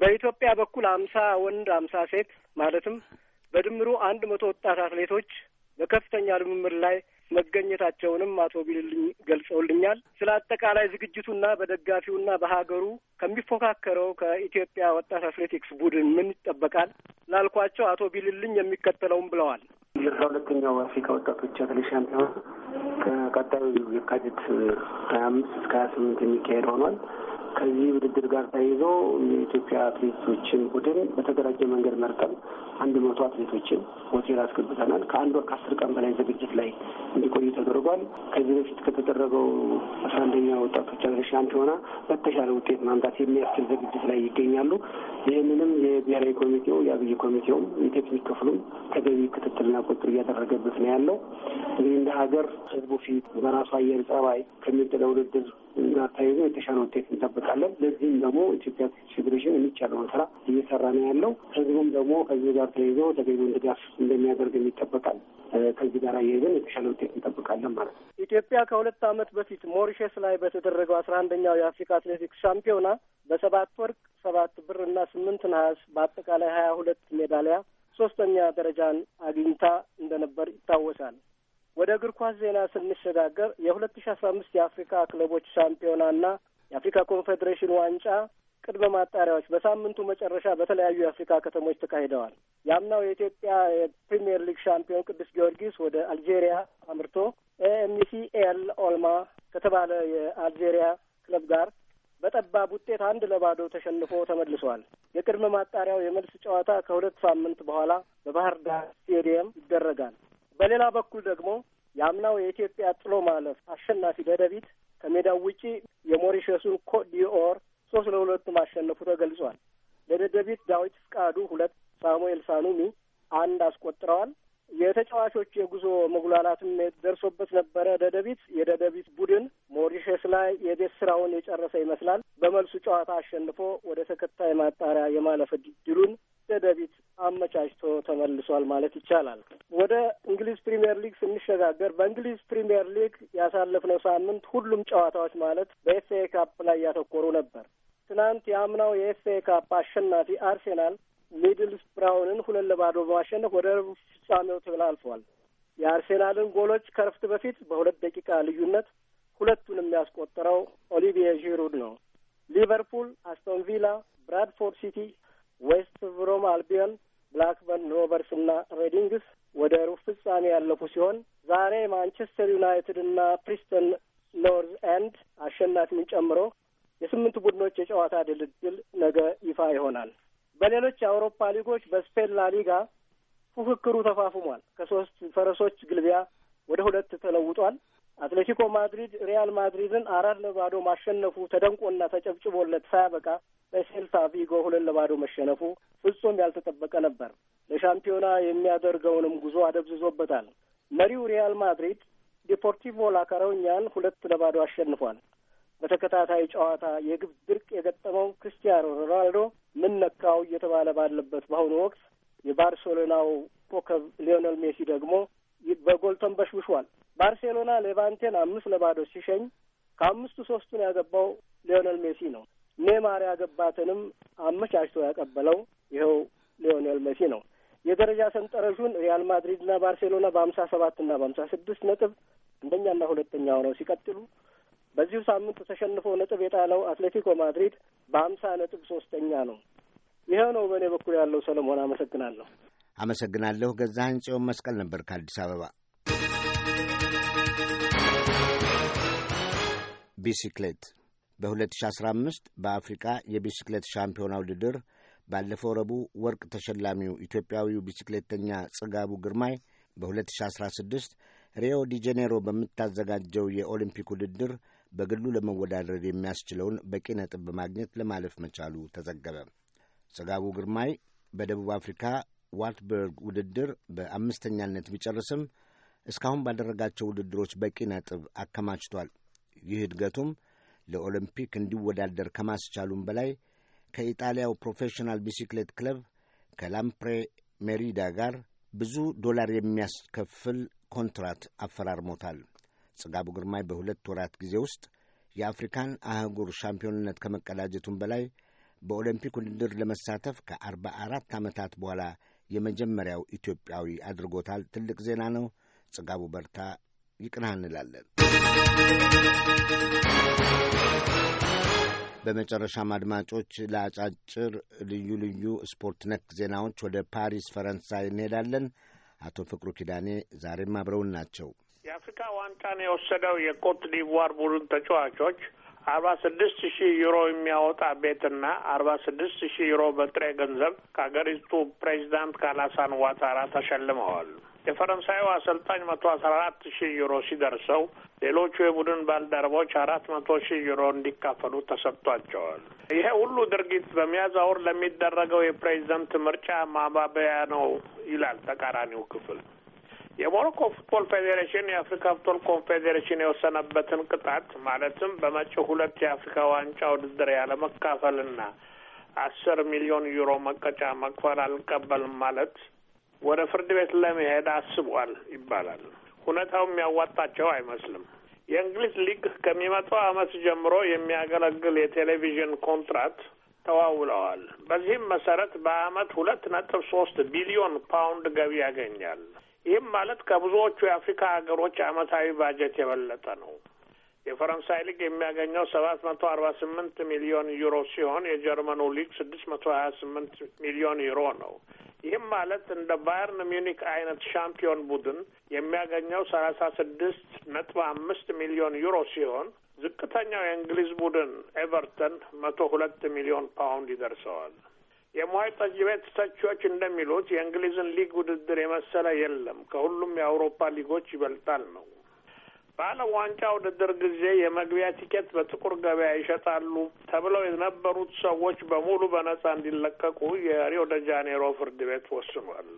Speaker 11: በኢትዮጵያ በኩል አምሳ ወንድ አምሳ ሴት ማለትም በድምሩ አንድ መቶ ወጣት አትሌቶች በከፍተኛ ልምምድ ላይ መገኘታቸውንም አቶ ቢልልኝ ገልጸውልኛል። ስለ አጠቃላይ ዝግጅቱና በደጋፊውና በሀገሩ ከሚፎካከረው ከኢትዮጵያ ወጣት አትሌቲክስ ቡድን ምን ይጠበቃል ላልኳቸው አቶ ቢልልኝ የሚከተለውም ብለዋል። የአስራ ሁለተኛው አፍሪካ ወጣቶች አትሌት ሻምፒዮን
Speaker 8: ከቀጣዩ የካቲት
Speaker 11: ሀያ አምስት እስከ ሀያ ስምንት የሚካሄድ ሆኗል። ከዚህ ውድድር ጋር ተያይዞ የኢትዮጵያ አትሌቶችን ቡድን በተደራጀ መንገድ መርጠን አንድ መቶ አትሌቶችን ሆቴል አስገብተናል። ከአንድ ወር ከአስር ቀን በላይ ዝግጅት ላይ እንዲቆዩ ተደርጓል። ከዚህ በፊት ከተደረገው አስራ አንደኛ ወጣቶች አትሌሽን አንድ ሆና በተሻለ ውጤት ማምጣት የሚያስችል ዝግጅት ላይ ይገኛሉ። ይህንንም የብሔራዊ ኮሚቴው የአብይ ኮሚቴውም የቴክኒክ ክፍሉም ተገቢ ክትትልና ቁጥር እያደረገበት ነው ያለው። እንግዲህ እንደ ሀገር ህዝቡ ፊት በራሱ አየር ጸባይ ከሚጥለው ውድድር ጋር ተያይዞ የተሻለ ውጤት እንጠብቃለን። ለዚህም ደግሞ ኢትዮጵያ ፌዴሬሽን የሚቻለውን ስራ እየሰራ ነው ያለው። ህዝቡም ደግሞ ከዚህ ጋር ተያይዞ ተገቢውን ድጋፍ እንደሚያደርግ ይጠበቃል። ከዚህ ጋር እያይዘን የተሻለ ውጤት እንጠብቃለን ማለት ነው። ኢትዮጵያ ከሁለት ዓመት በፊት ሞሪሸስ ላይ በተደረገው አስራ አንደኛው የአፍሪካ አትሌቲክስ ሻምፒዮና በሰባት ወርቅ፣ ሰባት ብር እና ስምንት ነሐስ በአጠቃላይ ሀያ ሁለት ሜዳሊያ ሶስተኛ ደረጃን አግኝታ እንደነበር ይታወሳል። ወደ እግር ኳስ ዜና ስንሸጋገር የሁለት ሺ አስራ አምስት የአፍሪካ ክለቦች ሻምፒዮናና የአፍሪካ ኮንፌዴሬሽን ዋንጫ ቅድመ ማጣሪያዎች በሳምንቱ መጨረሻ በተለያዩ የአፍሪካ ከተሞች ተካሂደዋል። ያምናው የኢትዮጵያ የፕሪምየር ሊግ ሻምፒዮን ቅዱስ ጊዮርጊስ ወደ አልጄሪያ አምርቶ ኤኤምሲ ኤል ኦልማ ከተባለ የአልጄሪያ ክለብ ጋር በጠባብ ውጤት አንድ ለባዶ ተሸንፎ ተመልሷል። የቅድመ ማጣሪያው የመልስ ጨዋታ ከሁለት ሳምንት በኋላ በባህር ዳር ስቴዲየም ይደረጋል። በሌላ በኩል ደግሞ የአምናው የኢትዮጵያ ጥሎ ማለፍ አሸናፊ ደደቢት ከሜዳው ውጪ የሞሪሸሱን ኮት ዲኦር ሶስት ለሁለቱ ማሸነፉ ተገልጿል። ለደደቢት ዳዊት ፍቃዱ ሁለት፣ ሳሙኤል ሳኑሚ አንድ አስቆጥረዋል። የተጫዋቾች የጉዞ መጉላላትም ደርሶበት ነበረ። ደደቢት የደደቢት ቡድን ሞሪሸስ ላይ የቤት ስራውን የጨረሰ ይመስላል። በመልሱ ጨዋታ አሸንፎ ወደ ተከታይ ማጣሪያ የማለፍ ድሉን ደደቢት አመቻችቶ ተመልሷል ማለት ይቻላል። ወደ እንግሊዝ ፕሪምየር ሊግ ስንሸጋገር በእንግሊዝ ፕሪምየር ሊግ ያሳለፍነው ሳምንት ሁሉም ጨዋታዎች ማለት በኤፍኤ ካፕ ላይ ያተኮሩ ነበር። ትናንት የአምናው የኤፍኤ ካፕ አሸናፊ አርሴናል ሚድልስ ብራውንን ሁለት ለባዶ በማሸነፍ ወደ ሩብ ፍጻሜው ተላልፏል። የአርሴናልን ጎሎች ከረፍት በፊት በሁለት ደቂቃ ልዩነት ሁለቱንም ያስቆጠረው ኦሊቪየ ዢሩድ ነው። ሊቨርፑል፣ አስቶን ቪላ፣ ብራድፎርድ ሲቲ ዌስት ብሮም አልቢዮን፣ ብላክበርን ሮቨርስ እና ሬዲንግስ ወደ ሩብ ፍጻሜ ያለፉ ሲሆን ዛሬ ማንቸስተር ዩናይትድ እና ፕሪስተን ኖርዝ ኤንድ አሸናፊን ጨምሮ የስምንቱ ቡድኖች የጨዋታ ድልድል ነገ ይፋ ይሆናል። በሌሎች የአውሮፓ ሊጎች በስፔን ላሊጋ ፉክክሩ ተፋፍሟል። ከሶስት ፈረሶች ግልቢያ ወደ ሁለት ተለውጧል። አትሌቲኮ ማድሪድ ሪያል ማድሪድን አራት ለባዶ ማሸነፉ ተደንቆና ተጨብጭቦለት ሳያበቃ በሴልታ ቪጎ ሁለት ለባዶ መሸነፉ ፍጹም ያልተጠበቀ ነበር። ለሻምፒዮና የሚያደርገውንም ጉዞ አደብዝዞበታል። መሪው ሪያል ማድሪድ ዲፖርቲቮ ላካረውኛን ሁለት ለባዶ አሸንፏል። በተከታታይ ጨዋታ የግብ ድርቅ የገጠመው ክርስቲያኖ ሮናልዶ ምን ነካው እየተባለ ባለበት በአሁኑ ወቅት የባርሴሎናው ኮከብ ሊዮነል ሜሲ ደግሞ በጎል ተንበሽብሿል። ባርሴሎና ሌቫንቴን አምስት ለባዶ ሲሸኝ ከአምስቱ ሶስቱን ያገባው ሊዮኔል ሜሲ ነው። ኔማር ያገባትንም አመቻችቶ ያቀበለው ይኸው ሊዮኔል ሜሲ ነው። የደረጃ ሰንጠረዡን ሪያል ማድሪድና ባርሴሎና በሀምሳ ና በሀምሳ ስድስት ነጥብ አንደኛና ሁለተኛ ሆነው ሲቀጥሉ በዚሁ ሳምንት ተሸንፎ ነጥብ የጣለው አትሌቲኮ ማድሪድ በሀምሳ ነጥብ ሶስተኛ ነው። ይኸው ነው በእኔ በኩል ያለው። ሰለሞን አመሰግናለሁ።
Speaker 6: አመሰግናለሁ። ገዛህን ጽዮን መስቀል ነበር ከአዲስ አበባ። ቢሲክሌት በ2015 በአፍሪቃ የቢሲክሌት ሻምፒዮና ውድድር ባለፈው ረቡዕ ወርቅ ተሸላሚው ኢትዮጵያዊው ቢሲክሌተኛ ጽጋቡ ግርማይ በ2016 ሪዮ ዲ ጄኔሮ በምታዘጋጀው የኦሊምፒክ ውድድር በግሉ ለመወዳደር የሚያስችለውን በቂ ነጥብ በማግኘት ለማለፍ መቻሉ ተዘገበ። ጽጋቡ ግርማይ በደቡብ አፍሪካ ዋልትበርግ ውድድር በአምስተኛነት ቢጨርስም እስካሁን ባደረጋቸው ውድድሮች በቂ ነጥብ አከማችቷል። ይህ እድገቱም ለኦሎምፒክ እንዲወዳደር ከማስቻሉም በላይ ከኢጣሊያው ፕሮፌሽናል ቢሲክሌት ክለብ ከላምፕሬ ሜሪዳ ጋር ብዙ ዶላር የሚያስከፍል ኮንትራት አፈራርሞታል። ጽጋቡ ግርማይ በሁለት ወራት ጊዜ ውስጥ የአፍሪካን አህጉር ሻምፒዮንነት ከመቀዳጀቱም በላይ በኦሎምፒክ ውድድር ለመሳተፍ ከ44 ዓመታት በኋላ የመጀመሪያው ኢትዮጵያዊ አድርጎታል። ትልቅ ዜና ነው። ጽጋቡ በርታ ይቅናህ እንላለን። በመጨረሻም አድማጮች ለአጫጭር ልዩ ልዩ ስፖርት ነክ ዜናዎች ወደ ፓሪስ ፈረንሳይ እንሄዳለን። አቶ ፍቅሩ ኪዳኔ ዛሬም አብረውን ናቸው።
Speaker 8: የአፍሪካ ዋንጫን የወሰደው የኮት ዲቯር ቡድን ተጫዋቾች አርባ ስድስት ሺህ ዩሮ የሚያወጣ ቤትና አርባ ስድስት ሺህ ዩሮ በጥሬ ገንዘብ ከሀገሪቱ ፕሬዚዳንት ካላሳን ዋታራ ተሸልመዋል። የፈረንሳዩ አሰልጣኝ መቶ አስራ አራት ሺህ ዩሮ ሲደርሰው ሌሎቹ የቡድን ባልደረቦች አራት መቶ ሺህ ዩሮ እንዲካፈሉ ተሰጥቷቸዋል። ይሄ ሁሉ ድርጊት በሚያዝያ ወር ለሚደረገው የፕሬዚደንት ምርጫ ማባበያ ነው ይላል ተቃራኒው ክፍል። የሞሮኮ ፉትቦል ፌዴሬሽን የአፍሪካ ፉትቦል ኮንፌዴሬሽን የወሰነበትን ቅጣት ማለትም በመጪው ሁለት የአፍሪካ ዋንጫ ውድድር ያለመካፈልና አስር ሚሊዮን ዩሮ መቀጫ መክፈል አልቀበልም ማለት ወደ ፍርድ ቤት ለመሄድ አስቧል ይባላል። ሁኔታው የሚያዋጣቸው አይመስልም። የእንግሊዝ ሊግ ከሚመጣው ዓመት ጀምሮ የሚያገለግል የቴሌቪዥን ኮንትራት ተዋውለዋል። በዚህም መሰረት በዓመት ሁለት ነጥብ ሶስት ቢሊዮን ፓውንድ ገቢ ያገኛል። ይህም ማለት ከብዙዎቹ የአፍሪካ ሀገሮች ዓመታዊ ባጀት የበለጠ ነው። የፈረንሳይ ሊግ የሚያገኘው ሰባት መቶ አርባ ስምንት ሚሊዮን ዩሮ ሲሆን የጀርመኑ ሊግ ስድስት መቶ ሀያ ስምንት ሚሊዮን ዩሮ ነው። ይህም ማለት እንደ ባየርን ሚኒክ አይነት ሻምፒዮን ቡድን የሚያገኘው ሰላሳ ስድስት ነጥብ አምስት ሚሊዮን ዩሮ ሲሆን ዝቅተኛው የእንግሊዝ ቡድን ኤቨርተን መቶ ሁለት ሚሊዮን ፓውንድ ይደርሰዋል። የሙዋይ ጠጅ ቤት ተቺዎች እንደሚሉት የእንግሊዝን ሊግ ውድድር የመሰለ የለም፣ ከሁሉም የአውሮፓ ሊጎች ይበልጣል ነው። ባለ ዋንጫ ውድድር ጊዜ የመግቢያ ቲኬት በጥቁር ገበያ ይሸጣሉ ተብለው የነበሩት ሰዎች በሙሉ በነጻ እንዲለቀቁ የሪዮ ደ ጃኔሮ ፍርድ ቤት ወስኗል።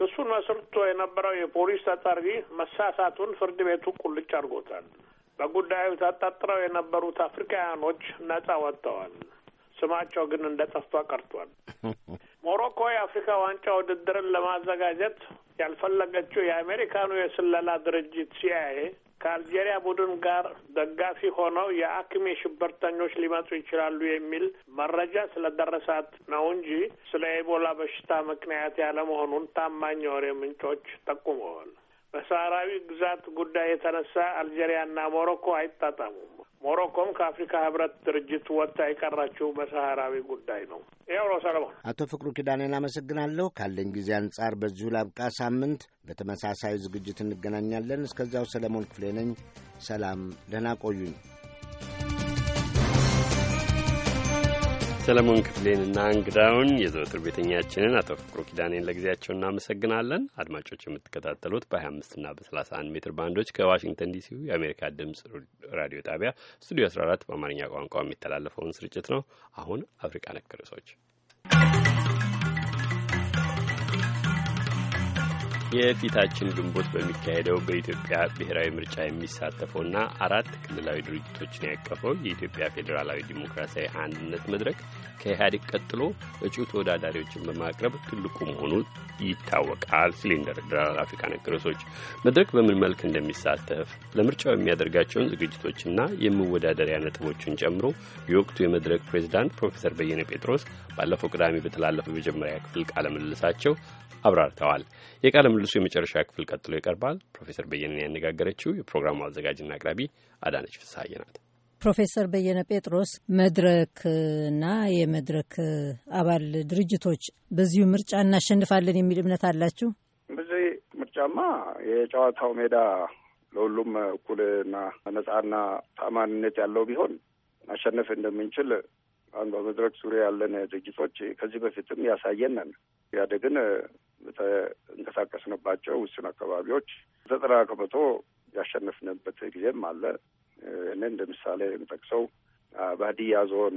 Speaker 8: ክሱን መስርቶ የነበረው የፖሊስ ተጠሪ መሳሳቱን ፍርድ ቤቱ ቁልጭ አድርጎታል። በጉዳዩ ተጠርጥረው የነበሩት አፍሪካውያኖች ነጻ ወጥተዋል። ስማቸው ግን እንደ ጠፋ ቀርቷል። ሞሮኮ የአፍሪካ ዋንጫ ውድድርን ለማዘጋጀት ያልፈለገችው የአሜሪካኑ የስለላ ድርጅት ሲአይኤ ከአልጄሪያ ቡድን ጋር ደጋፊ ሆነው የአክሜ ሽብርተኞች ሊመጡ ይችላሉ የሚል መረጃ ስለደረሳት ነው እንጂ ስለ ኤቦላ በሽታ ምክንያት ያለመሆኑን ታማኝ የወሬ ምንጮች ጠቁመዋል። በሰሃራዊ ግዛት ጉዳይ የተነሳ አልጄሪያና ሞሮኮ አይጣጣሙም። ሞሮኮም ከአፍሪካ ህብረት ድርጅት ወጥታ የቀራችው በሰሃራዊ ጉዳይ ነው። ይኸው ነው ሰለሞን።
Speaker 6: አቶ ፍቅሩ ኪዳኔን አመሰግናለሁ። ካለኝ ጊዜ አንጻር በዚሁ ላብቃ። ሳምንት በተመሳሳይ ዝግጅት እንገናኛለን። እስከዚያው ሰለሞን ክፍሌ ነኝ። ሰላም፣ ደህና
Speaker 4: ቆዩኝ። ሰለሞን ክፍሌንና እንግዳውን የዘወትር ቤተኛችንን አቶ ፍቅሩ ኪዳኔን ለጊዜያቸው እናመሰግናለን። አድማጮች የምትከታተሉት በ25 እና በ31 ሜትር ባንዶች ከዋሽንግተን ዲሲው የአሜሪካ ድምፅ ራዲዮ ጣቢያ ስቱዲዮ 14 በአማርኛ ቋንቋ የሚተላለፈውን ስርጭት ነው። አሁን አፍሪቃ ነክ ርዕሶች የፊታችን ግንቦት በሚካሄደው በኢትዮጵያ ብሔራዊ ምርጫ የሚሳተፈውና አራት ክልላዊ ድርጅቶችን ያቀፈው የኢትዮጵያ ፌዴራላዊ ዲሞክራሲያዊ አንድነት መድረክ ከኢህአዴግ ቀጥሎ እጩ ተወዳዳሪዎችን በማቅረብ ትልቁ መሆኑ ይታወቃል ሲል ይንደረደራል አፍሪካ ነክ ርዕሶች። መድረክ በምን መልክ እንደሚሳተፍ ለምርጫው የሚያደርጋቸውን ዝግጅቶችና የመወዳደሪያ ነጥቦችን ጨምሮ የወቅቱ የመድረክ ፕሬዚዳንት ፕሮፌሰር በየነ ጴጥሮስ ባለፈው ቅዳሜ በተላለፈው የመጀመሪያ ክፍል ቃለ ምልልሳቸው አብራርተዋል። የቃለ ምልልሱ የመጨረሻ ክፍል ቀጥሎ ይቀርባል። ፕሮፌሰር በየነን ያነጋገረችው የፕሮግራሙ አዘጋጅና አቅራቢ አዳነች ፍስሐዬ ናት።
Speaker 5: ፕሮፌሰር በየነ ጴጥሮስ መድረክና የመድረክ አባል ድርጅቶች በዚሁ ምርጫ እናሸንፋለን የሚል እምነት አላችሁ?
Speaker 12: በዚህ ምርጫማ የጨዋታው ሜዳ ለሁሉም እኩልና ነጻና ተአማኒነት ያለው ቢሆን ማሸነፍ እንደምንችል አሁን በመድረክ ዙሪያ ያለን ድርጅቶች ከዚህ በፊትም ያሳየናል። ያደግን ተንቀሳቀስንባቸው ውስን አካባቢዎች ዘጠና ከመቶ ያሸነፍንበት ጊዜም አለ። እኔ እንደ ምሳሌ የምጠቅሰው በሀዲያ ዞን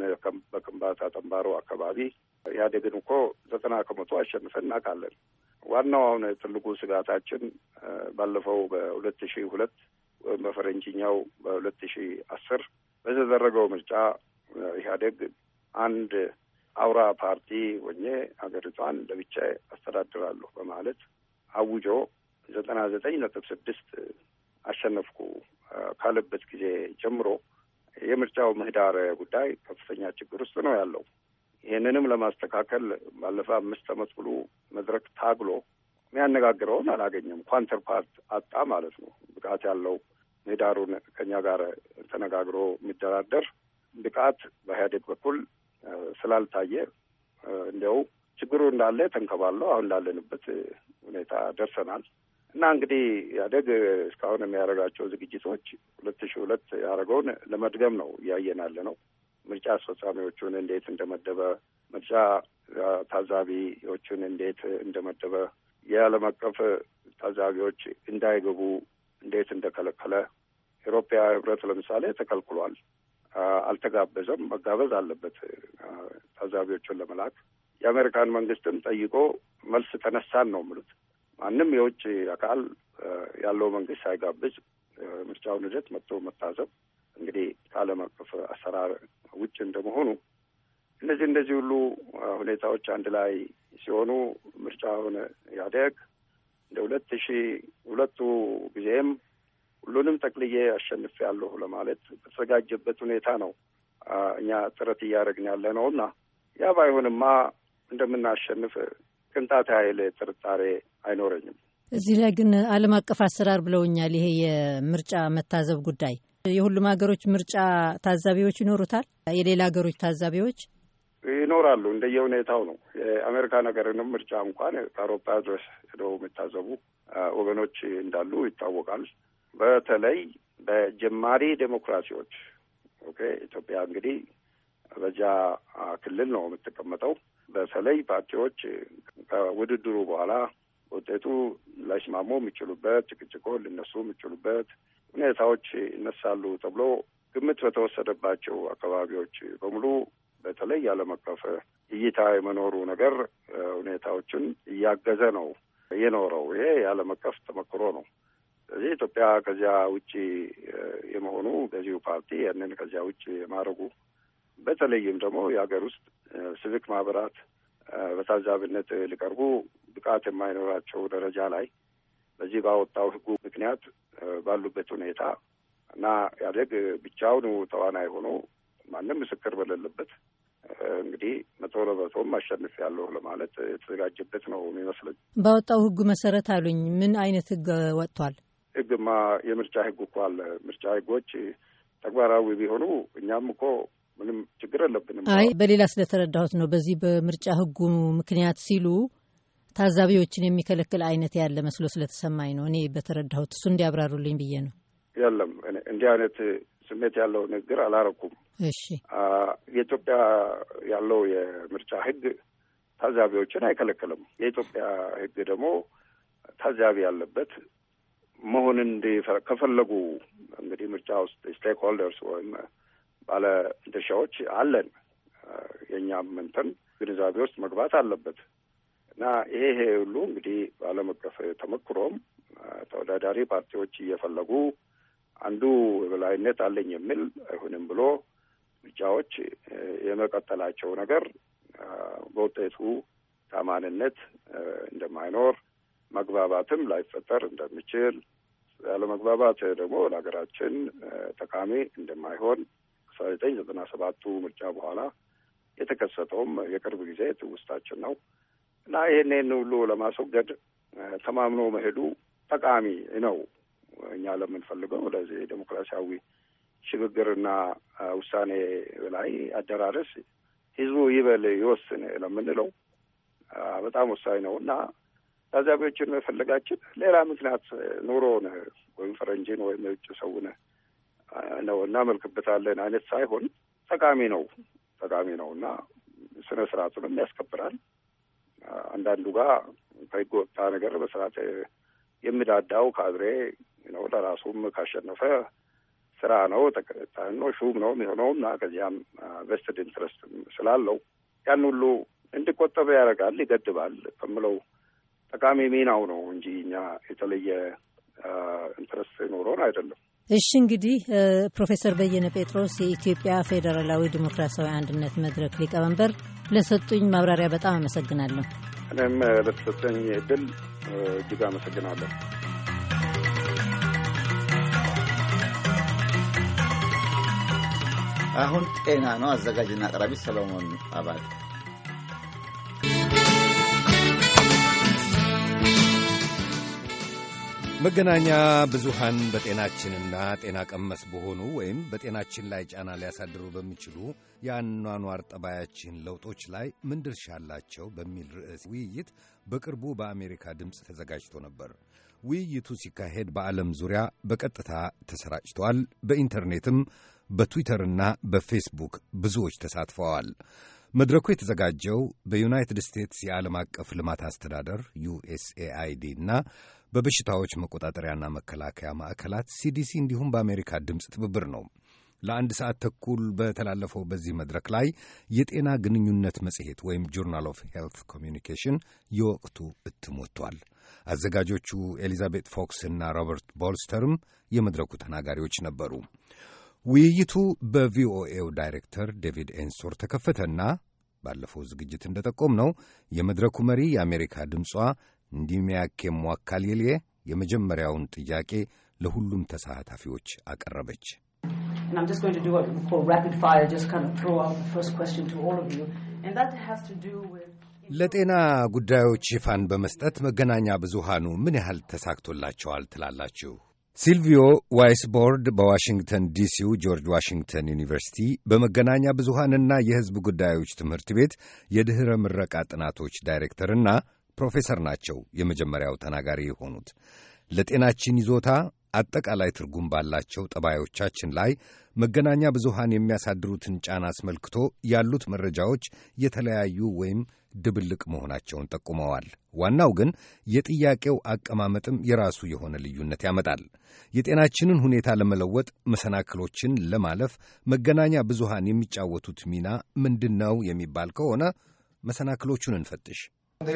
Speaker 12: በከምባታ ጠንባሮ አካባቢ ኢህአዴግን እኮ ዘጠና ከመቶ አሸንፈን እናውቃለን። ዋናው አሁን ትልቁ ስጋታችን ባለፈው በሁለት ሺ ሁለት ወይም በፈረንጅኛው በሁለት ሺ አስር በተደረገው ምርጫ ኢህአዴግ አንድ አውራ ፓርቲ ሆኜ ሀገሪቷን ለብቻ አስተዳድራለሁ በማለት አውጆ ዘጠና ዘጠኝ ነጥብ ስድስት አሸነፍኩ ካለበት ጊዜ ጀምሮ የምርጫው ምህዳር ጉዳይ ከፍተኛ ችግር ውስጥ ነው ያለው። ይህንንም ለማስተካከል ባለፈ አምስት ዓመት ብሎ መድረክ ታግሎ የሚያነጋግረውን አላገኘም። ኳንተር ፓርት አጣ ማለት ነው። ብቃት ያለው ምህዳሩን ከኛ ጋር ተነጋግሮ የሚደራደር ብቃት በኢህአዴግ በኩል ስላልታየ እንዲያው ችግሩ እንዳለ ተንከባለው አሁን እንዳለንበት ሁኔታ ደርሰናል እና እንግዲህ ያደግ እስካሁን የሚያደርጋቸው ዝግጅቶች ሁለት ሺ ሁለት ያደረገውን ለመድገም ነው እያየን ነው። ምርጫ አስፈጻሚዎቹን እንዴት እንደመደበ፣ ምርጫ ታዛቢዎቹን እንዴት እንደመደበ፣ የዓለም አቀፍ ታዛቢዎች እንዳይገቡ እንዴት እንደከለከለ፣ ኤሮፓ ህብረት ለምሳሌ ተከልክሏል። አልተጋበዘም። መጋበዝ አለበት ታዛቢዎቹን ለመላክ የአሜሪካን መንግስትም ጠይቆ መልስ ተነሳን ነው የምሉት። ማንም የውጭ አካል ያለው መንግስት ሳይጋብዝ ምርጫውን ሂደት መጥቶ መታዘብ እንግዲህ ከዓለም አቀፍ አሰራር ውጭ እንደመሆኑ እነዚህ እንደዚህ ሁሉ ሁኔታዎች አንድ ላይ ሲሆኑ ምርጫውን ያደግ እንደ ሁለት ሺህ ሁለቱ ጊዜም ሁሉንም ጠቅልዬ አሸንፍ ያለሁ ለማለት በተዘጋጀበት ሁኔታ ነው እኛ ጥረት እያደረግን ያለ ነው እና ያ ባይሆንማ እንደምናሸንፍ ቅንጣት ያህል ጥርጣሬ አይኖረኝም። እዚህ
Speaker 5: ላይ ግን ዓለም አቀፍ አሰራር ብለውኛል። ይሄ የምርጫ መታዘብ ጉዳይ የሁሉም ሀገሮች ምርጫ ታዛቢዎች ይኖሩታል። የሌላ ሀገሮች ታዛቢዎች
Speaker 12: ይኖራሉ። እንደየ ሁኔታው ነው። የአሜሪካ ነገርንም ምርጫ እንኳን ከአውሮፓ ድረስ ሄደው የሚታዘቡ ወገኖች እንዳሉ ይታወቃል። በተለይ በጀማሪ ዴሞክራሲዎች ኦኬ ኢትዮጵያ እንግዲህ በዛ ክልል ነው የምትቀመጠው። በተለይ ፓርቲዎች ከውድድሩ በኋላ ውጤቱ ላይስማሙ የሚችሉበት ጭቅጭቆ ሊነሱ የሚችሉበት ሁኔታዎች ይነሳሉ ተብሎ ግምት በተወሰደባቸው አካባቢዎች በሙሉ በተለይ ዓለም አቀፍ እይታ የመኖሩ ነገር ሁኔታዎችን እያገዘ ነው የኖረው። ይሄ የዓለም አቀፍ ተመክሮ ነው። ስለዚህ ኢትዮጵያ ከዚያ ውጭ የመሆኑ በዚሁ ፓርቲ ያንን ከዚያ ውጭ የማድረጉ በተለይም ደግሞ የሀገር ውስጥ ሲቪክ ማህበራት በታዛቢነት ሊቀርቡ ብቃት የማይኖራቸው ደረጃ ላይ በዚህ ባወጣው ህጉ ምክንያት ባሉበት ሁኔታ እና ያደግ ብቻውን ተዋናይ ሆኖ ማንም ምስክር በሌለበት እንግዲህ መቶ ለመቶም አሸንፍ ያለሁ ለማለት የተዘጋጀበት ነው የሚመስለኝ።
Speaker 5: ባወጣው ህጉ መሰረት አሉኝ። ምን አይነት ህግ ወጥቷል?
Speaker 12: ህግማ የምርጫ ህግ እኮ አለ። ምርጫ ህጎች ተግባራዊ ቢሆኑ እኛም እኮ ምንም ችግር የለብንም። አይ
Speaker 5: በሌላ ስለተረዳሁት ነው። በዚህ በምርጫ ህጉ ምክንያት ሲሉ ታዛቢዎችን የሚከለክል አይነት ያለ መስሎ ስለተሰማኝ ነው እኔ በተረዳሁት። እሱ እንዲያብራሩልኝ ብዬ ነው።
Speaker 12: የለም እንዲህ አይነት ስሜት ያለው ንግግር አላረኩም። እሺ የኢትዮጵያ ያለው የምርጫ ህግ ታዛቢዎችን አይከለክልም። የኢትዮጵያ ህግ ደግሞ ታዛቢ ያለበት መሆን እንዲ ከፈለጉ እንግዲህ ምርጫ ውስጥ ስቴክ ሆልደርስ ወይም ባለ ድርሻዎች አለን። የእኛም እንትን ግንዛቤ ውስጥ መግባት አለበት እና ይሄ ይሄ ሁሉ እንግዲህ በዓለም አቀፍ ተመክሮም ተወዳዳሪ ፓርቲዎች እየፈለጉ አንዱ የበላይነት አለኝ የሚል አይሁንም ብሎ ምርጫዎች የመቀጠላቸው ነገር በውጤቱ ታማንነት እንደማይኖር መግባባትም ላይፈጠር እንደሚችል ያለመግባባት ደግሞ ለሀገራችን ጠቃሚ እንደማይሆን አስራ ዘጠኝ ዘጠና ሰባቱ ምርጫ በኋላ የተከሰተውም የቅርብ ጊዜ ትውስታችን ነው እና ይህንን ሁሉ ለማስወገድ ተማምኖ መሄዱ ጠቃሚ ነው እኛ ለምንፈልገው። ለዚህ ዴሞክራሲያዊ ሽግግርና ውሳኔ ላይ አደራረስ ህዝቡ ይበል ይወስን ለምንለው በጣም ወሳኝ ነው እና ታዛቢዎችን መፈለጋችን ሌላ ምክንያት ኑሮ ነ ወይም ፈረንጅን ወይም የውጭ ሰው ነ ነው እናመልክበታለን አይነት ሳይሆን ጠቃሚ ነው ጠቃሚ ነው እና ስነ ስርዓቱንም ያስከብራል። አንዳንዱ ጋር ከህግ ወጣ ነገር በስርዓት የሚዳዳው ካድሬ ነው። ለራሱም ካሸነፈ ስራ ነው ተቀጣን ነው ሹም ነው የሚሆነው እና ከዚያም ቨስትድ ኢንትረስት ስላለው ያን ሁሉ እንዲቆጠበ ያደርጋል፣ ይገድባል ከምለው ጠቃሚ ሚናው ነው እንጂ እኛ የተለየ ኢንትረስት ኖሮን አይደለም።
Speaker 5: እሺ እንግዲህ ፕሮፌሰር በየነ ጴጥሮስ የኢትዮጵያ ፌዴራላዊ ዲሞክራሲያዊ አንድነት መድረክ ሊቀመንበር ለሰጡኝ ማብራሪያ በጣም አመሰግናለሁ።
Speaker 12: እኔም ለተሰጠኝ እድል እጅግ አመሰግናለሁ።
Speaker 2: አሁን ጤና ነው። አዘጋጅና አቅራቢ ሰለሞን አባል
Speaker 10: መገናኛ ብዙሃን በጤናችንና ጤና ቀመስ በሆኑ ወይም በጤናችን ላይ ጫና ሊያሳድሩ በሚችሉ የአኗኗር ጠባያችን ለውጦች ላይ ምን ድርሻ አላቸው በሚል ርዕስ ውይይት በቅርቡ በአሜሪካ ድምፅ ተዘጋጅቶ ነበር። ውይይቱ ሲካሄድ በዓለም ዙሪያ በቀጥታ ተሰራጭተዋል። በኢንተርኔትም በትዊተርና በፌስቡክ ብዙዎች ተሳትፈዋል። መድረኩ የተዘጋጀው በዩናይትድ ስቴትስ የዓለም አቀፍ ልማት አስተዳደር ዩኤስኤአይዲ እና በበሽታዎች መቆጣጠሪያና መከላከያ ማዕከላት ሲዲሲ እንዲሁም በአሜሪካ ድምፅ ትብብር ነው። ለአንድ ሰዓት ተኩል በተላለፈው በዚህ መድረክ ላይ የጤና ግንኙነት መጽሔት ወይም ጆርናል ኦፍ ሄልት ኮሚኒኬሽን የወቅቱ እትም ወጥቷል። አዘጋጆቹ ኤሊዛቤት ፎክስ እና ሮበርት ቦልስተርም የመድረኩ ተናጋሪዎች ነበሩ። ውይይቱ በቪኦኤው ዳይሬክተር ዴቪድ ኤንሶር ተከፈተና ባለፈው ዝግጅት እንደጠቆም ነው የመድረኩ መሪ የአሜሪካ ድምጿ እንዲሚያኬ ሟካሌሌ የመጀመሪያውን ጥያቄ ለሁሉም ተሳታፊዎች አቀረበች። ለጤና ጉዳዮች ሽፋን በመስጠት መገናኛ ብዙሃኑ ምን ያህል ተሳክቶላቸዋል ትላላችሁ? ሲልቪዮ ዋይስቦርድ በዋሽንግተን ዲሲው ጆርጅ ዋሽንግተን ዩኒቨርሲቲ በመገናኛ ብዙሃንና የሕዝብ ጉዳዮች ትምህርት ቤት የድኅረ ምረቃ ጥናቶች ዳይሬክተርና ፕሮፌሰር ናቸው። የመጀመሪያው ተናጋሪ የሆኑት ለጤናችን ይዞታ አጠቃላይ ትርጉም ባላቸው ጠባዮቻችን ላይ መገናኛ ብዙሃን የሚያሳድሩትን ጫና አስመልክቶ ያሉት መረጃዎች የተለያዩ ወይም ድብልቅ መሆናቸውን ጠቁመዋል። ዋናው ግን የጥያቄው አቀማመጥም የራሱ የሆነ ልዩነት ያመጣል። የጤናችንን ሁኔታ ለመለወጥ፣ መሰናክሎችን ለማለፍ መገናኛ ብዙሃን የሚጫወቱት ሚና ምንድን ነው የሚባል ከሆነ መሰናክሎቹን እንፈትሽ። uh,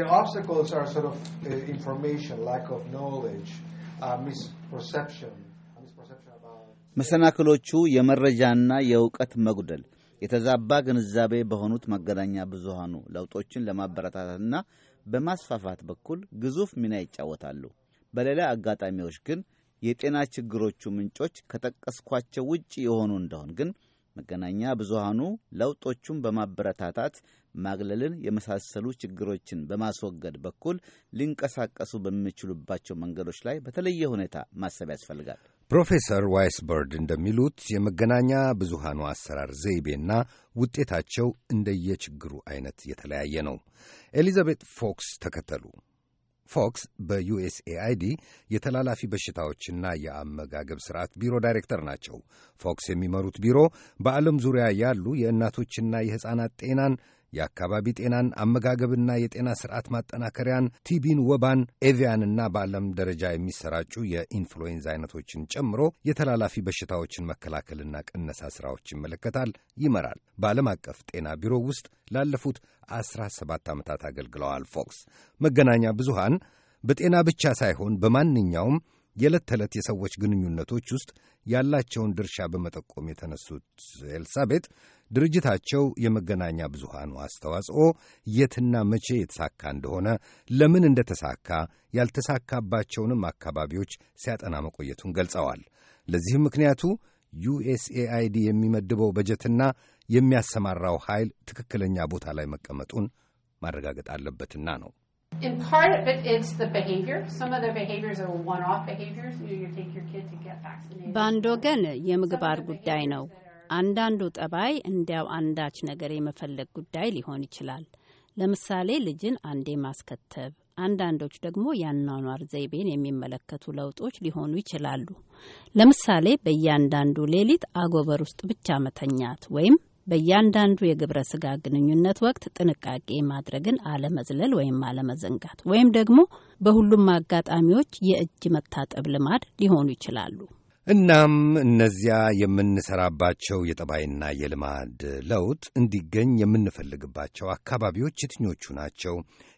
Speaker 10: uh,
Speaker 2: መሰናክሎቹ የመረጃና የእውቀት መጉደል የተዛባ ግንዛቤ በሆኑት መገናኛ ብዙሃኑ ለውጦችን ለማበረታታትና በማስፋፋት በኩል ግዙፍ ሚና ይጫወታሉ። በሌላ አጋጣሚዎች ግን የጤና ችግሮቹ ምንጮች ከጠቀስኳቸው ውጭ የሆኑ እንደሆን ግን መገናኛ ብዙሃኑ ለውጦቹን በማበረታታት ማግለልን የመሳሰሉ ችግሮችን በማስወገድ በኩል ሊንቀሳቀሱ በሚችሉባቸው መንገዶች ላይ በተለየ ሁኔታ ማሰብ ያስፈልጋል።
Speaker 10: ፕሮፌሰር ዋይስበርድ እንደሚሉት የመገናኛ ብዙሃኑ አሰራር ዘይቤና ውጤታቸው እንደየችግሩ አይነት የተለያየ ነው። ኤሊዛቤት ፎክስ ተከተሉ። ፎክስ በዩኤስኤአይዲ የተላላፊ በሽታዎችና የአመጋገብ ስርዓት ቢሮ ዳይሬክተር ናቸው። ፎክስ የሚመሩት ቢሮ በዓለም ዙሪያ ያሉ የእናቶችና የሕፃናት ጤናን የአካባቢ ጤናን፣ አመጋገብና የጤና ስርዓት ማጠናከሪያን፣ ቲቢን፣ ወባን፣ ኤቪያንና በዓለም ደረጃ የሚሰራጩ የኢንፍሉዌንዛ አይነቶችን ጨምሮ የተላላፊ በሽታዎችን መከላከልና ቅነሳ ስራዎች ይመለከታል፣ ይመራል። በዓለም አቀፍ ጤና ቢሮ ውስጥ ላለፉት አስራ ሰባት ዓመታት አገልግለዋል። ፎክስ መገናኛ ብዙሃን በጤና ብቻ ሳይሆን በማንኛውም የዕለት ተዕለት የሰዎች ግንኙነቶች ውስጥ ያላቸውን ድርሻ በመጠቆም የተነሱት ኤልሳቤጥ ድርጅታቸው የመገናኛ ብዙሃኑ አስተዋጽኦ የትና መቼ የተሳካ እንደሆነ፣ ለምን እንደተሳካ፣ ያልተሳካባቸውንም አካባቢዎች ሲያጠና መቆየቱን ገልጸዋል። ለዚህም ምክንያቱ ዩኤስኤአይዲ የሚመድበው በጀትና የሚያሰማራው ኃይል ትክክለኛ ቦታ ላይ መቀመጡን ማረጋገጥ አለበትና ነው።
Speaker 7: in part of it, it's the behavior. Some of the behaviors are one-off behaviors. You, know, you take your kid to get vaccinated. በአንድ ወገን የምግባር ጉዳይ ነው። አንዳንዱ ጠባይ እንዲያው አንዳች ነገር የመፈለግ ጉዳይ ሊሆን ይችላል። ለምሳሌ ልጅን አንዴ ማስከተብ፣ አንዳንዶች ደግሞ የአኗኗር ዘይቤን የሚመለከቱ ለውጦች ሊሆኑ ይችላሉ። ለምሳሌ በእያንዳንዱ ሌሊት አጎበር ውስጥ ብቻ መተኛት ወይም በእያንዳንዱ የግብረ ስጋ ግንኙነት ወቅት ጥንቃቄ ማድረግን አለመዝለል ወይም አለመዘንጋት ወይም ደግሞ በሁሉም አጋጣሚዎች የእጅ መታጠብ ልማድ ሊሆኑ ይችላሉ።
Speaker 10: እናም እነዚያ የምንሰራባቸው የጠባይና የልማድ ለውጥ እንዲገኝ የምንፈልግባቸው አካባቢዎች የትኞቹ ናቸው?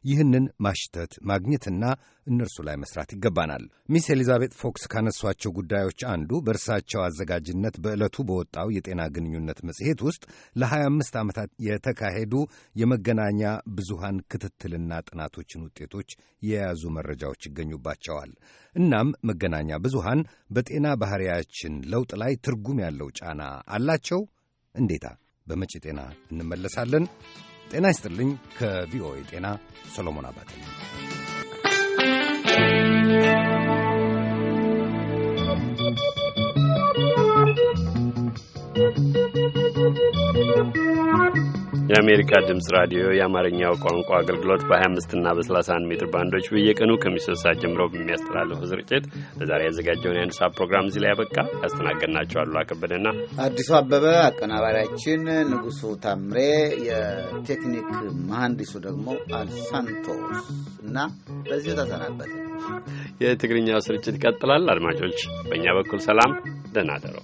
Speaker 10: ይህንን ማሽተት ማግኘትና እነርሱ ላይ መስራት ይገባናል። ሚስ ኤሊዛቤት ፎክስ ካነሷቸው ጉዳዮች አንዱ በእርሳቸው አዘጋጅነት በዕለቱ በወጣው የጤና ግንኙነት መጽሔት ውስጥ ለ25 ዓመታት የተካሄዱ የመገናኛ ብዙሃን ክትትልና ጥናቶችን ውጤቶች የያዙ መረጃዎች ይገኙባቸዋል። እናም መገናኛ ብዙሃን በጤና ባህሪያችን ለውጥ ላይ ትርጉም ያለው ጫና አላቸው። እንዴታ! በመጪ ጤና እንመለሳለን። ጤና ይስጥልኝ። ከቪኦኤ ጤና ሰሎሞን አባተ
Speaker 1: Thank you.
Speaker 4: የአሜሪካ ድምፅ ራዲዮ የአማርኛው ቋንቋ አገልግሎት በ25 እና በ31 ሜትር ባንዶች በየቀኑ ከሚሶስት ሰዓት ጀምሮ በሚያስተላልፈው ስርጭት በዛሬ ያዘጋጀውን የአንድ ሰዓት ፕሮግራም እዚህ ላይ ያበቃ። ያስተናገድናቸው አሉላ ከበደና
Speaker 6: አዲሱ
Speaker 2: አበበ፣ አቀናባሪያችን ንጉሱ ታምሬ፣ የቴክኒክ መሐንዲሱ ደግሞ አልሳንቶስ እና በዚህ ተሰናበት።
Speaker 4: የትግርኛው ስርጭት ይቀጥላል። አድማጮች፣ በእኛ በኩል ሰላም፣ ደህና ደረው።